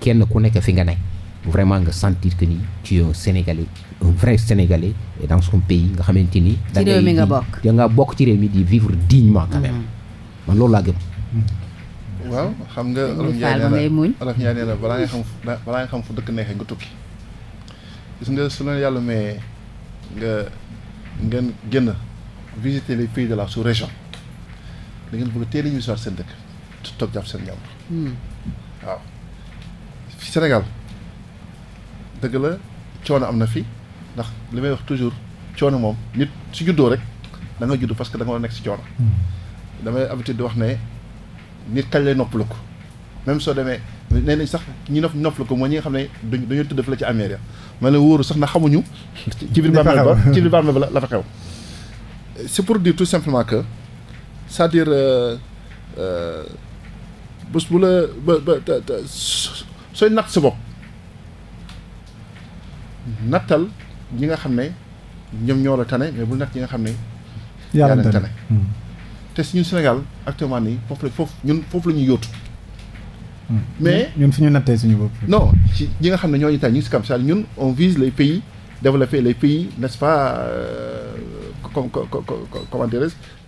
E: kenn ku nekk fi nga nekk. vraiment nga sentir que ni tu es un Sénégalais un vrai Sénégalais et dans son pays nga xamante ni. ci réew mi nga bokk da nga bokk ci réew mi di vivre dignement quand mm-hmm. man loolu laa gëm.
F: waaw xam nga. olof Ndiaye nee na balaa nga xam fu dëkk neexee nga tukki. gis nga su la yàlla mayee nga ngeen génn visiter les pays de la sous-région da ngeen bëgg teel a ñuy seen dëkk toog jàpp seen jàmm. waaw Sénégal. dëgg la coono am na fi ndax li may wax toujours coono moom nit si juddoo rek da nga juddu parce que da war a nekk si coono. Hmm. damay habitude di wax ne nit kañ lay noppalu ko même soo demee nee nañ sax ñi nopp noppalu ko mooy ñi nga xam ne duñ dañoo tëdd la ci Amérique ma ne wóoru sax na xamuñu. ci biir bàmmeel ba ci biir bàmmeel ba la fa xew. c'est pour dire tout simplement que c'est-à-dire euh, euh, bés bu la ba sooy natt sa bopp. nattal ñi nga xam ne ñoom ñoo la tane mais bul natt ñi nga xam ne.
D: yaa leen tane hmm.
F: te si ñun Sénégal actuellement nii foofu la foofu ñun foofu la ñuy yóotu.
D: Hmm. mais ñun fi ñu nattee suñu bopp.
F: non ci ñi nga xam ne ñooñu tane ñu ngi si kam saa ñun on vise les pays développés les pays nest pas euh, comme comment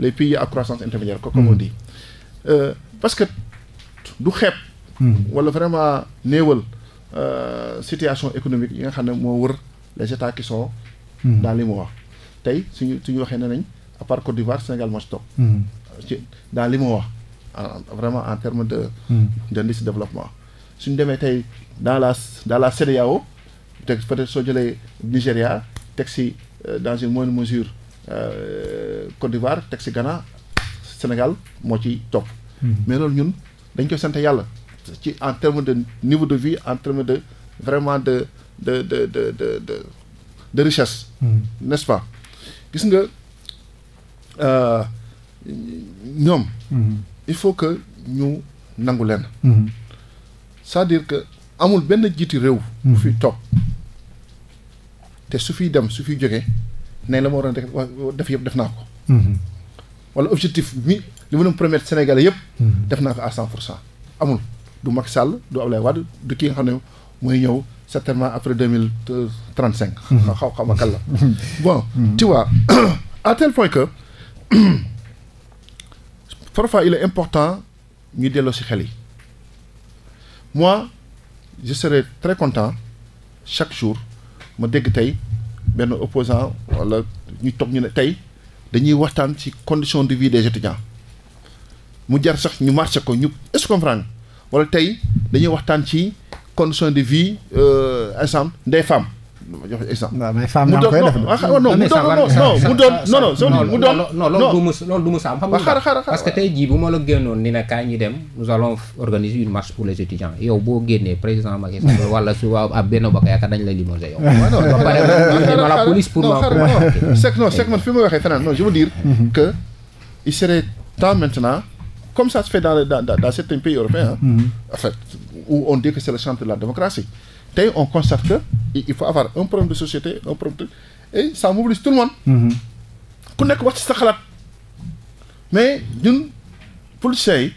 F: les pays à croissance intermédiaire comme on hmm. dit euh, parce que du xeeb. wala vraiment néewal. Euh, situation économique yi nga xam ne moo wër les états qui sont hmm. dans li mu wax tey suñu suñu waxee ne nañ à part Côte d'Ivoire Sénégal moo ci topp hmm. euh, ci dans li mu wax vraiment en terme de hmm. d'indice de développement demee tey dans la dans la CEDEAO te peut-être soo jëlee Nigéria teg si euh, dans une moindre mesure Côte d'Ivoire teg si Ghana Sénégal moo ci topp mais loolu ñun dañ koy sant yàlla ci en terme de niveau de vie en terme de vraiment de de de de de de, de richesse. Mm. nest pas gis nga euh, ñoom. Hmm. il faut que ñu nangu leen. Hmm. c'est-à-dire que amul benn jiiti réew. bu hmm. fi toog te su fiy dem su fi jógee ne la ma waroon def def yëpp def naa ko. wala objectif mi li ma doon promettre Sénégalais yëpp. def naa ko à cent cent amul. du mag Sall du Abdoulaye Wade du ki nga xam ne mooy ñëw certainement après deux mille trente cinq. Mhm. xaw xaw ma kan la. bon mhm. tu vois à tel point que parfois il important ñu delloo si xel yi moi je serais très content chaque jour ma dégg tey benn opposant wala ñu toog ñu ne tey dañuy waxtaan ci condition de vie des étudiants mu jar sax ñu marché ko ñu est wala tey dañuy waxtaan ci condition de vie ensemble euh, de femmes. ma jox exemple. waaw mais femme koy def non non mu doon non non mu doon non loolu du mus
E: loolu du mus am. xam nga ah, parce que tey jii bu ma la génnoon ni na kaay ñi dem nous allons organiser une marche pour les étudiants yow boo génnee président Macky Sall wala su waa ab benn bokk yaakaar dañ lay limoger yow. non la police pour ma non c'est que
F: fi ma waxee feneen non je veux dire mhm. que il serait temps maintenant. comme ça se fait dans dans, dans, dans certains pays européens. Mm-hmm. en fait où on dit que de la démocratie tey on constate que il faut avoir un problème de société un problème de... et ça mobilise tout le monde. Mm-hmm. ku nekk wax ci sa xalaat. mais ñun politiciens yi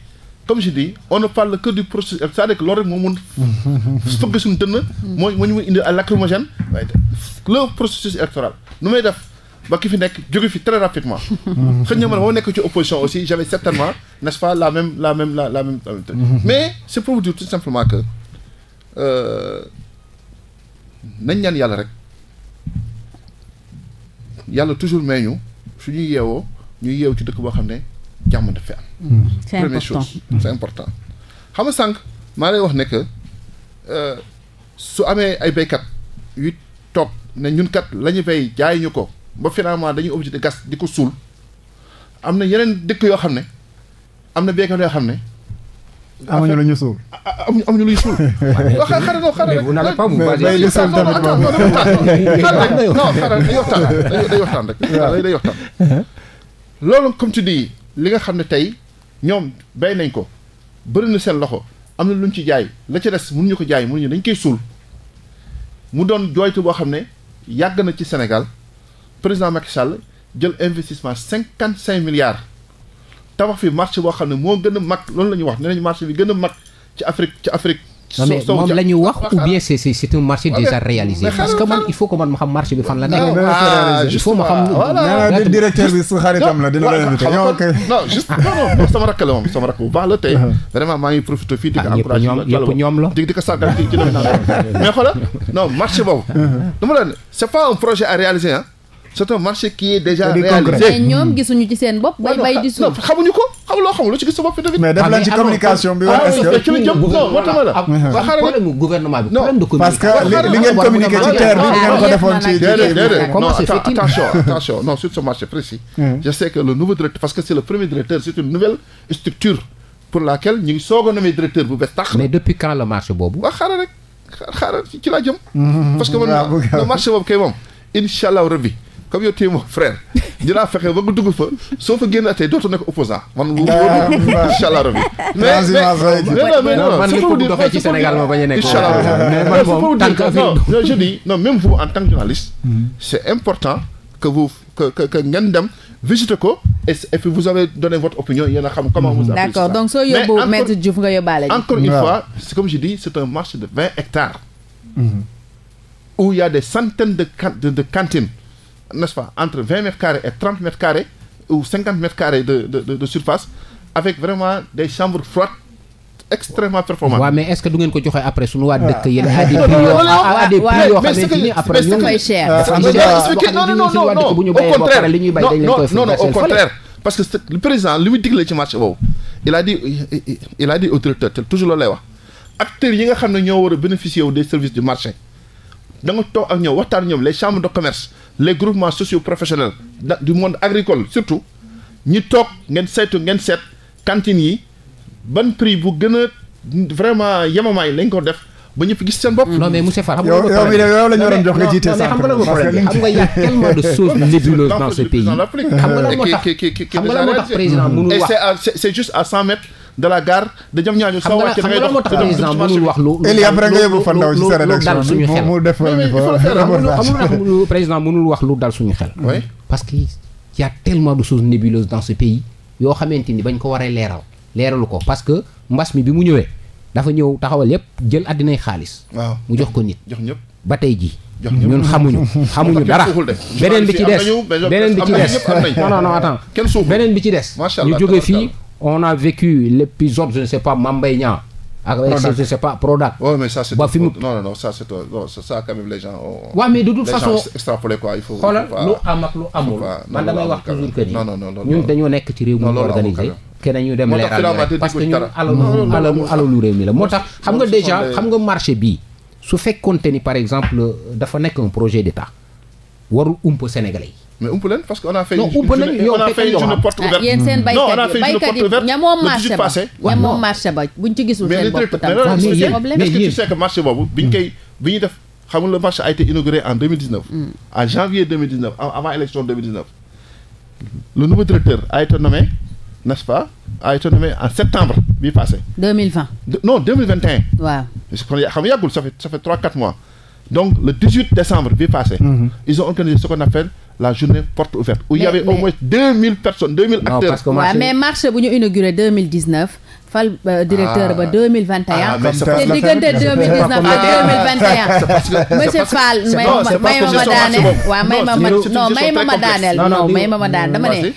F: comme je dis on ne parle que du processus c'est-à-dire que rek moo mun. fëgg suñu dënn. mooy moo ñu mun indi à lacrymogène. waaye processus électoral nu may def. ba ki fi nekk jóge fi très rapidement. xëy na man nekk ci opposition aussi j'avais certainement n'est-ce pas la même la même la la même. mais c'est pour vous dire tout simplement euh, nañ ñaan yàlla rek yàlla toujours may ñu suñuy yeewoo ñuy yeew ci dëkk boo xam ne jàmm daf fi am.
C: Mm.
F: c'est important. xam nga sànq maa lay wax ne que euh, su amee ay béykat yu toog ne ñun kat la ñu béy jaay ñu ko. ba finalement dañuy obligé de gas di ko suul am na yeneen dëkk yoo xam ne am na béykat yoo xam ne. amuñu lu ñu suul. amuñu lu ñu suul. xaaral xaaral non xaaral rek. mais pas mu bàyyi li sànq tamit moom waxtaan day waxtaan rek waaw loolu comme tu dis li nga xam ne tey ñoom bay nañ ko bëri na seen loxo am na lu ñu ci jaay la ci des ñu ko jaay mënuñu dañ koy suul mu doon jooytu boo xam ne yàgg na ci Sénégal. président Macky Sall jël investissement cinquante cinq milliards tabax fi marché boo xam ne moo gën a mag loolu la ñuy wax nee nañu marché bi gën a mag ci Afrique ci Afrique. soo mais moom la ñuy
E: wax ou bien c'est c'est un marché déjà réalisé. parce que man il faut que man ma xam marché bi fan la nekk. ah il faut ma xam. voilà directeur bi su xaritam la dina la invité ñoo juste
C: non
F: non rakk la moom sama bu baax la tey. vraiment maa ngi profité fii di ah, ko encouragé. ñëpp ñoom la di ko sàggal di ci mais marché boobu. dama la ne c'est pas projet à réaliser c'est marché qui est déjà réalisé. mais ñoom
A: gisuñu ci seen bopp. bay bay di suuf xamuñu ko xamu loo xamul lu ci ah, ci communication ci la jëm li
E: ngeen ko ah, defoon ci. déedéet non attention
F: attention non sur ce marché précis. je sais que le nouveau directeur parce que c'est le premier directeur c'est une nouvelle structure pour laquelle ñu ngi soog a directeur bu bees tax. mais depuis quand marché boobu. waaw xaaral rek xaaral ci laa jëm. Mm-hmm. parce que moom incha allah comme yow téye mon frère dinaa fexe ba nga dugg fa soo fa génn tey dootoo nekk opposant man incha allah rabbi mais mais non man li ko doxee ci Sénégal ma bañ a nekk incha allah mais man moom tant que non je dis non même vous en tant que journaliste mm-hmm. c'est important que vous que que dem visité ko et et puis vous avez donné votre opinion yéen a xam comment vous mm-hmm. appelez ça d'accord donc
A: soo yóbbu encore une fois
F: c'est comme je dis c'est un marché de vingt hectares mm-hmm. a des centaines de de cantines n'est-ce pas entre vingt mètres carrés et trente mètres carrés ou cinquante mètres carrés de de, surface avec vraiment des chambres
E: froides. extrêmement performant. waaw mais est-ce que du ngeen ko joxe après suñu waa dëkk ñu li ñuy bay dañ leen koy non non
F: au il a dit il a dit yi nga xam ne ñoo war a bénéficier wu des services du marché da nga toog ak ñoom waxtaan ñoom les chambres de commerce les groupement sociaux professionnels du monde agricole surtout ñi toog ngeen saytu ngeen seet cantines yi ban prix bu gën vraiment yemamaay lañ ko def ba ñëpp
E: gis seen bopp. non mais monsieur Fall xam yow la waroon jox nga jiite sax. xam xam nga y' a tellement de choses nébuleuses dans ce pays. xam nga lan moo tax
F: xam nga lan moo tax président mënul wax. c'est juste à cent mètres. de la gare de Diamniadio soo wàcce da ngay dox président
E: mënul wax lu dal suñu xel amul président mënul wax lu dal suñu xel parce que y a tellement de choses nébuleuses dans ce pays yoo xamante ni bañ ko waree leeral leeralu ko parce que mbas mi bi mu ñëwee dafa ñëw taxawal yépp jël àddinay xaalis waaw mu jox ko nit jox ñëpp ba tey jii ñun xamuñu xamuñu dara beneen bi ci des beneen bi ci des non non attends beneen bi ci des ñu jóge fii on a vécu l'épisode je ne sais pas Mambay Niang avec ce, je sais pas Prodac. oui mais ça c'est ba fi mu non non non ça c'est non ça quand même les gens. waaw ouais, mais de toute façon les gens extrapolé quoi il faut. xoolal lu am ak lu amul. man damay wax toujours que ni ñun dañoo nekk ci dem leeral mi la moo tax. xam nga déjà xam nga marché bii. su fekkoonte ni par exemple dafa nekk un projet d'État warul ump Sénégalais yi. mais ump leen parce que on a fait. non ump nañu yow fekk yow xam ah
A: yéen seen marché
C: ba ña marché
A: ba buñ ci gisul
F: seen bopp tam. mais ah, yéen mais est-ce que tu hmm. def xam nga marché a été inauguré en en hmm. janvier avant élection 2019. nouveau directeur a été nommé n'est-ce pas a été nommé en septembre bii passé. 2020 non 2021. waaw mois. donc le 18 décembre bii passé. Hmm. ils ont organisé ce qu'on appelle. la journée porte ouverte. où mais, il y avait mais... au moins 2000 personnes 2000 non, acteurs. non mais
A: marché bu ñu inauguré deux mille dix neuf ma ma daaneel waaw ma ma non may ma ma daaneel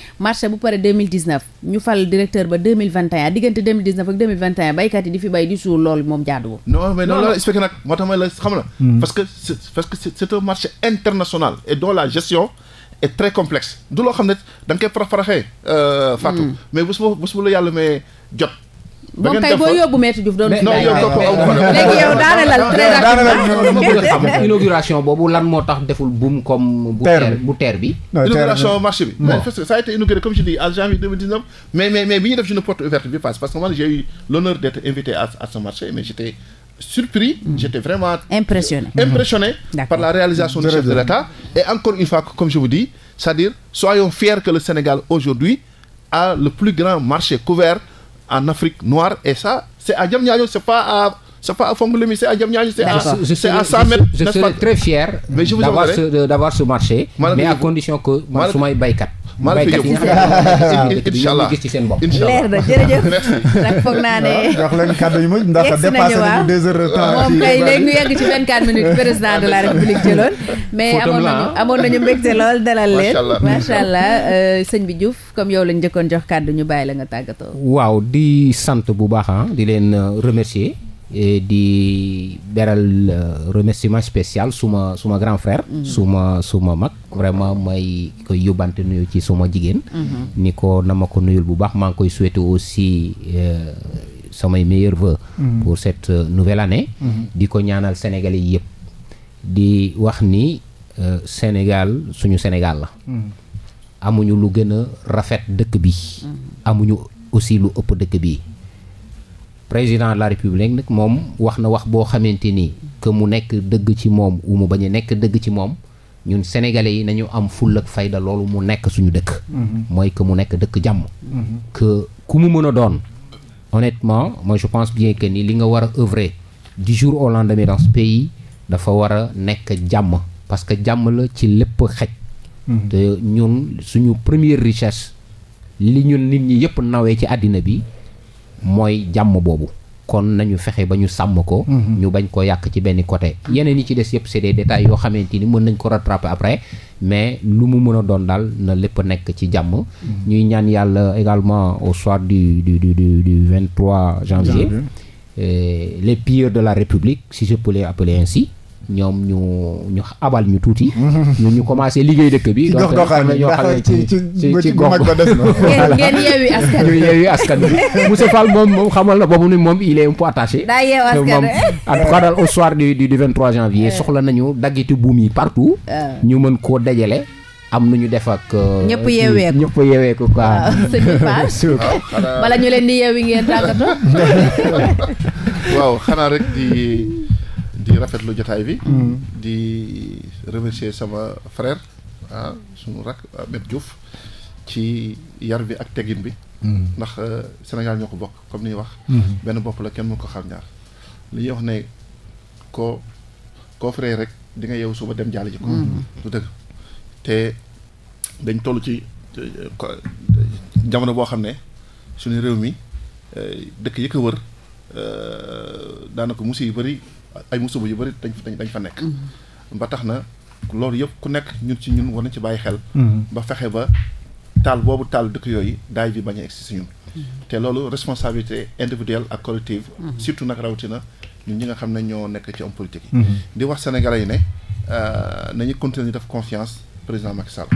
A: fal directeur ba deux mille vingt et un diggante deux mille dix neuf ak deux mille vingt et un baykat yi di fi bay di suur loolu moom jaaduwul
F: non noonu la expliqué nag moo tax ma la xam la parce que parce que c'est un marché international et dont la gestion est très complexe du loo xam ne da nga koy farax-faraxee euh, Fatou hmm. mais bés bu bés bu la yàlla
E: may jot ba ngeen def moom kay boo
A: yóbbu Maître Diouf doon. non
E: yow boobu lan moo tax deful buum comme. bu teer bu teer bi. inauguration
F: marché bi. mais parce que ça comme je dis en janvier mais mais mais def suñu porte ouverte bi passe parce que man j'ai eu l'honneur d'être invité à à marché mais j'étais surpris, mmh. j'étais vraiment impressionné, impressionné mmh. par la réalisation du chef de l'État. Et encore une fois, comme je vous dis, c'est-à-dire, soyons fiers que le Sénégal aujourd'hui a le plus grand marché couvert en Afrique noire. Et ça, c'est à Diamniadio, c'est pas c'est pas à Fongolimbi c'est à Diamniadio c'est
E: à c'est à 100 mètres je serais may baykat maa la koy ci seen bopp leer na kàddu yu mujj
D: ndax nañu deux de temps moom kay léegi ñu ci vingt quatre minutes président de la république jëloon
A: mais amoon nañu amoon nañu mbégte lool dalal leen macha allah euh, sëñ bi Diouf comme yow lañ njëkkoon jox kàddu ñu bàyyi la nga tàggatoo
E: waaw di sant bu baax ah, di leen euh, remercier E di beral uh, remerciement spécial suma suma grand frère. Mm-hmm. suma suma mag vraiment may koy yóbbante nuyu ci suma jigéen. Mm-hmm. ni ko na ma ko nuyul bu baax maa ngi koy souhaiter aussi. Uh, samay meilleurs vœux mm-hmm. pour cette uh, nouvelle année di ko ñaanal sénégalais yi di wax ni sénégal suñu sénégal la amuñu lu gën a rafet dëkk bi amuñu aussi lu ëpp dëkk bi président de la république nag moom wax na wax boo xamante ni que mu nekk dëgg ci moom ou mu bañ a nekk dëgg ci moom ñun sénégalais yi nañu am full ak fayda loolu mu nekk suñu dëkk. Mhm. mooy que mu nekk dëkk jàmm. Mhm. que ku mu mën a doon. honnêtement moi je pense bien que ni li nga war a œuvrer du jour au lendemain dans pays dafa war a nekk jàmm parce que jàmm la ci lépp xej mhm. te ñun suñu première richesse li ñun nit ñi yëpp nawee ci àddina bi. mooy jàmm boobu kon nañu fexe ba ñu sàmm ko mhm. ñu bañ ko yàq ci benn côté yeneen yi ci des yëpp c'est des détails yoo xamante ni mën nañ ko rattraper après mais lu mu mën a doon daal na lépp nekk ci jàmm mhm. ñuy ñaan yàlla également au soir du du du du du 23 janvier euh, les pilleurs de la République si je peux les ainsi ñoom ñu ñu abal ñu tuuti. Mm-hmm. ñu ñu commencé liggéey dëkk bi. donc am na ñoo xam ne ci ci ci gox ba des na. ngeen yeewi askan bi ñu yeewi askan bi monsieur Fall moom moom xamal na boobu ni moom il est un peu attaché. daa yeew askan en tout cas daal au soir du du janvier soxla nañu daggiti buum yi partout. ñu mën koo dajale. am nu ñu def ak. Euh, ñëpp yeewee ko ñëpp yeewee ko quoi. waaw sëñ
A: ah, ñu leen di yeewi ngeen tàggatoo.
E: waaw xanaa rek di.
F: di rafetlu jotaay bi. Mm. di remercier sama frère ah sunu rak Ahmed ci yar bi ak tegin bi. Mm. ndax euh, Sénégal ñoo ko bokk comme ni wax. Mm-hmm. benn bopp la kenn mën ko xam ñaar li wax ne koo koo frère rek di nga yeewu suba dem jaale ji ko. Mm-hmm. du dañ toll ci jamono boo xam ne suñu réew mi euh, dëkk yi ko wër euh, daanaka musi yu bëri. ay musuba yu bëri dañ dañ fa nekk mm-hmm. ba tax na loolu yëpp ku nekk ñun ci ñun war nañ ci bàyyi xel mm-hmm. ba fexe ba taal boobu taal dëkk yooyu daay bi bañ a egsi si ñun mm-hmm. te loolu responsabilité individuelle ak collective surtout nag rawatina ñun ñi nga xam ne ñoo nekk ci homme politique yi di wax sénégalais yi ne euh, nañu continuer ñu def confiance président Macky Sall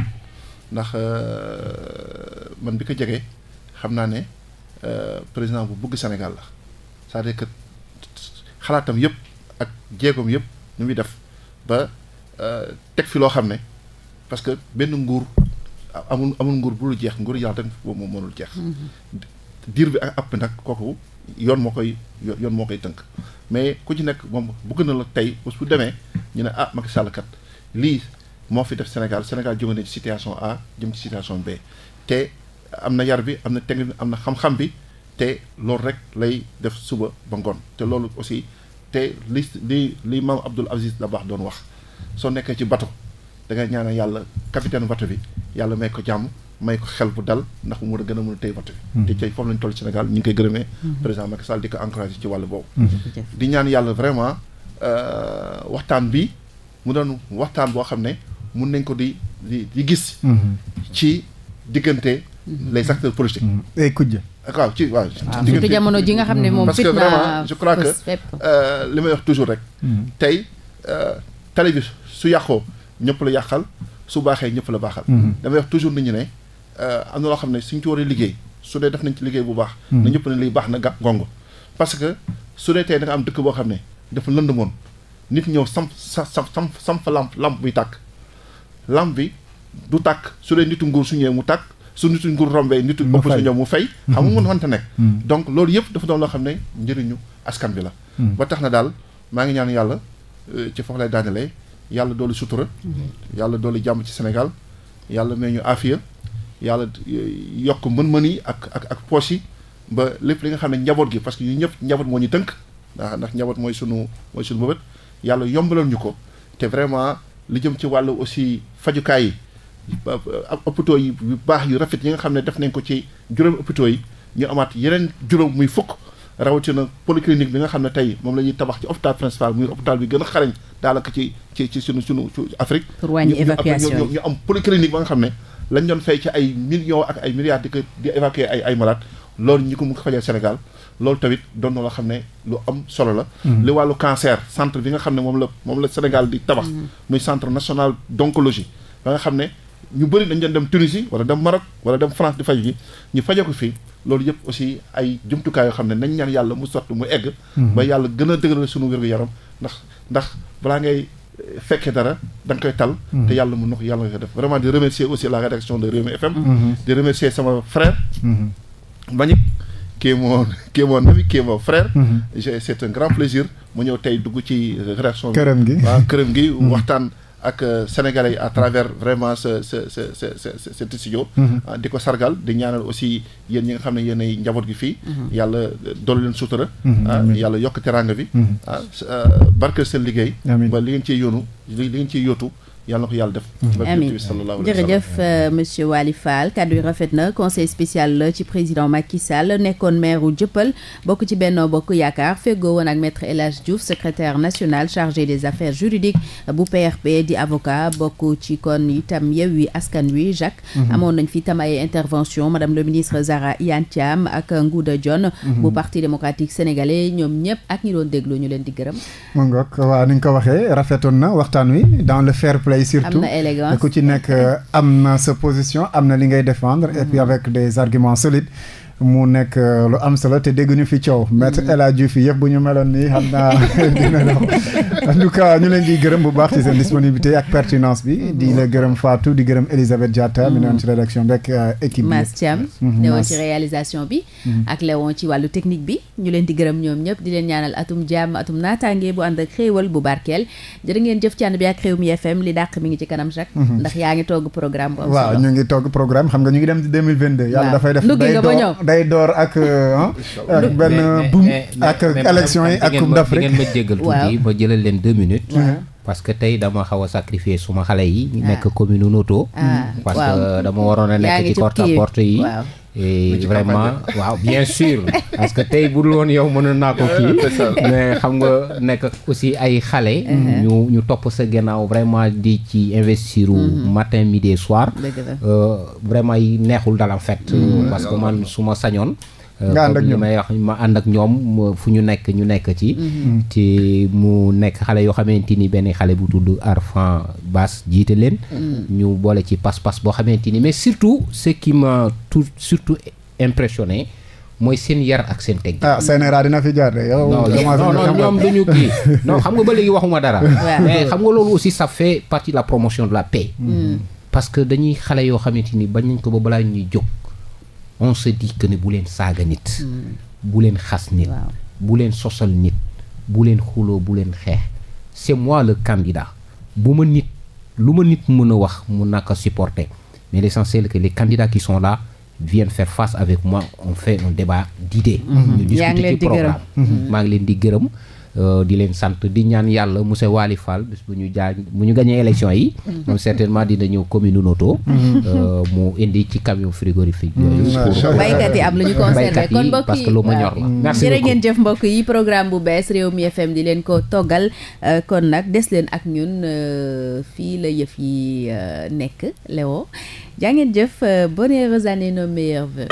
F: ndax euh, man bi ko jegee xam naa ne euh, président bu bugg Sénégal la c'est-à-dire xalaatam yëpp ak jéegoom yëpp nu muy def ba euh, teg fi loo xam ne parce que benn nguur amul amul nguur bu lu jeex nguur yàlla rek moom mënul jeex.
C: Mm-hmm.
F: diir bi ak àpp nag kooku yoon moo koy yoon moo koy tënk mais ku ci nekk moom bëgg na la tey bés bu demee ñu ne ah Macky Sall kat lii moo fi def Sénégal Sénégal jóge na ci situation A jëm ci situation B te am na yar bi am na teg am na xam-xam bi te loolu rek lay def suba ba ngoon te loolu aussi. te li li li maam Abdoul Aziz baax doon wax soo nekkee ci bato da ngay yàlla capitaine bato bi yàlla may ko jàmm may ko xel bu dal ndax mu mën a gën a mën a tey bato bi. Hmm. te tey foofu lañ toll Sénégal ñu ngi koy gërëmee. Hmm. président Macky Sall di ko encouragé ci wàll boobu. Hmm. di ñaan yàlla vraiment euh, waxtaan bi mu doon waxtaan boo xam ne mun nañ ko di di di gis. ci diggante. Mm-hmm. les acteurs politiques. Mm-hmm. et kujje. waaw ci waaw. surtout ah, jamono ji nga xam ne mm-hmm. moom. parce que vraiment je crois que euh, li may wax toujours rek. tey euh, tali bi su yàqoo ñëpp la yàqal su baaxee ñëpp la baaxal. damay wax toujours nit ñi ne euh, am na loo xam ne suñ ci war a liggéey su dee def nañ ci liggéey bu baax. na ñëpp ne lii baax na ga gongo parce que su dee tey da nga am dëkk boo xam ne dafa lënd moon nit ñëw samp sa samp samp lamp lamp buy tàkk lamp bi du tàkk su dee nitu nguur su ñëwee mu tàkk. su nitu nguur rombee nitu opposition mu fay xam nga mën wante nekk hmm. donc loolu yëpp dafa doon loo xam ne njariñu askan bi la hmm. ba tax na daal maa ngi ñaan yàlla euh, ci foofu lay daanelee yàlla doolu sutura hmm. yàlla doolu jàmm ci Sénégal yàlla may ñu aafiya yàlla euh, yokk mën-mën yi ak ak ak poche yi ba lépp li nga xam ne njaboot gi parce que ñu ñëpp njaboot moo ñu tënk ndax njaboot mooy sunu mooy sunu mëbët yàlla yombalal ñu ko te vraiment li jëm ci wàll aussi fajukaay yi hôpitaux yi yu baax yu rafet yi nga xam ne def nañ ko ci juróomi hôpitaux yi ñu amaat yeneen juróom muy fukk rawatina polyclinique bi nga xam ne tey moom la ñuy tabax ci hôpital principal muy hôpital bi gën a xarañ daanaka ci ci ci sunu sunu Afrique.
C: pour wàññi
F: am polyclinique ba nga xam ne lañ doon fay ci ay millions ak ay milliards di ko ay ay malades loolu ko mun ko fajee Sénégal loolu tamit doon na loo xam ne lu am solo la. Mm-hmm. li wàllu cancer centre bi nga xam ne moom la moom la Sénégal di tabax. Mm-hmm. muy centre national d'oncologie nga xam ne. ñu bëri dañ doon dem Tunisie wala dem Maroc wala dem France di faj ji ñu faje ko fii loolu yëpp aussi ay jumtukaay yoo xam ne nañ ñaan yàlla mu sotti mu egg. Hmm. ba yàlla gën a dëgëral suñu wér gu yaram ndax ndax balaa ngay eh, fekkee dara da koy tal. Hmm. te yàlla mu nox yàlla nga koy def vraiment di remercier aussi la rédaction de Rewmi FM. Hmm. di remercier sama frère. Mbagnick qui est mon qui est mon ami qui est mon frère. c'est un grand plaisir mu ñëw tey dugg ci euh, rédaction këram gi waaw ak euh, sénégalais yi à travers vraiment sa ce ce ce ce cet studio. Mhm. Ah, di ko sargal di ñaanal aussi yéen ñi nga xam ne yéen ay njaboot gi fii. Mhm. yàlla euh, dool leen sutura. Mhm. Ah, yàlla yokk teraanga bi. ah euh, barkeel seen liggéey. ba li ngeen ciy yoonu li ngeen ci yootu yàlla na ko yàlla def. Mm. jërëjëf
A: euh, monsieur Waly Fall kàddu yi rafet na conseil spécial ci président Macky Sall nekkoon maire Jëppal bokk ci Benno Bokk Yaakaar feggoo woon ak maître El Hadj Diouf national chargé des affaires juridiques bu PRP di avocat bokk ci kon itam Yewwi Askan Wi Jacques. Mhm. amoon nañ fi itam ay intervention madame le ministre Zahra Iyane Thiam ak Ngouda Dione. Mhm. bu parti démocratique sénégalais ñoom ñëpp ak ñu doon déglu ñu leen di gërëm.
D: mu ngoog waaw ni nga ko waxee rafetoon na waxtaan lay surtout ku ci nekk euh, am na sa position am na li ngay défendre et puis mm-hmm. avec des arguments solides mu nekk euh, lu am solo te dégguñu fi coow mm-hmm. maître El Hadji Diouf yëpp bu ñu meloon nii xam naa dina law en tout ñu leen di gërëm bu baax ci seen disponibilité ak pertinence bi mm-hmm. di la gërëm Fatou di gërëm Elisabeth Diatta mi mm-hmm. newoon ci rédaction bi ak euh, équipe bi Mass Thiam newoon
A: ci bi ak lewoon leen di gërëm ñoom ñëpp leen ñaanal atum jàmm atum naataange bu ànd ak xéewal bu barkeel jërë ngeen jëf ci ànd bi ak Rewmi FM ngi ci kanam sax ndax yaa ngi togg programme bu am solo waaw
D: ñu xam nga ñu ngi dem 2022 yàlla dafay def day door ak euh, benn boum ak élection yi ak Coupe d'Afrique ngeen ma jégal tuuti
E: ma jëlal leen deux minutes parce que tey dama xaw a sacrifier suma xale yi ah. nekk commune Noto ah. parce que dama waroon a nekk ci porte à yi Eh, vraiment waaw bien sûr parce que tey bu dul woon yow mënoon naa ko kii mais xam nga nekk aussi ay xale uh-huh. ñu ñu topp sa gannaaw vraiment di ci investir uh-huh. matin midi soir euh, vraiment yi neexul dala fet mm-hmm. parce que man su ma sañoon Euh, nga ànd ak ñoom ma ànd ak ñoom fu ñu nekk ñu nekk ci. Mm-hmm. ci mu nekk xale yoo xamante ni benn xale bu tudd Arfan Bass jiite leen. Mm-hmm. ñu boole ci pas-pas boo xamante ni mais surtout ce tout surtout impressionné. mooy seen yar ak seen teg. ah
D: dina fi jaar de yow. ñoom
E: dañu kii non xam nga ba léegi waxuma dara. mais xam nga loolu aussi ça fait partie de la promotion de la paix. Mm-hmm. parce que dañuy xale yoo xamante ni bañ nañ ko ba balaa ñuy jóg. on se dit que ne bu leen saaga nit mm. bu leen xas nit bu leen sosal nit bu leen xuloo bu leen xeex c'est mois le candidat bu ma nit lu ma nit mën a wax mun naa ko supporter mais l'essentiel que les candidats qui sont là viennent faire face avec moi on fait un débat d'idées ñu discuter ci programme mm-hmm. maa ngi leen di gërëm Euh, di leen sant di ñaan yàlla monsieur Waly Fall bis bu ñu jaa bu ñu gagné élection yi. moom mm-hmm. certainement dina ñëw commune Noto. Mm-hmm. Euh, mu indi ci camion frigorifique yooyu. Mm-hmm. pour baykat yi am lu conservé kon mbokk yi parce que lu ngeen
A: jëf mbokk yi programme bu bees Rewmi FM di leen ko toggal euh, kon nag des leen ak ñun fii la yëf yi nekk Léo jaa jëf bonne heureuse année nos meilleurs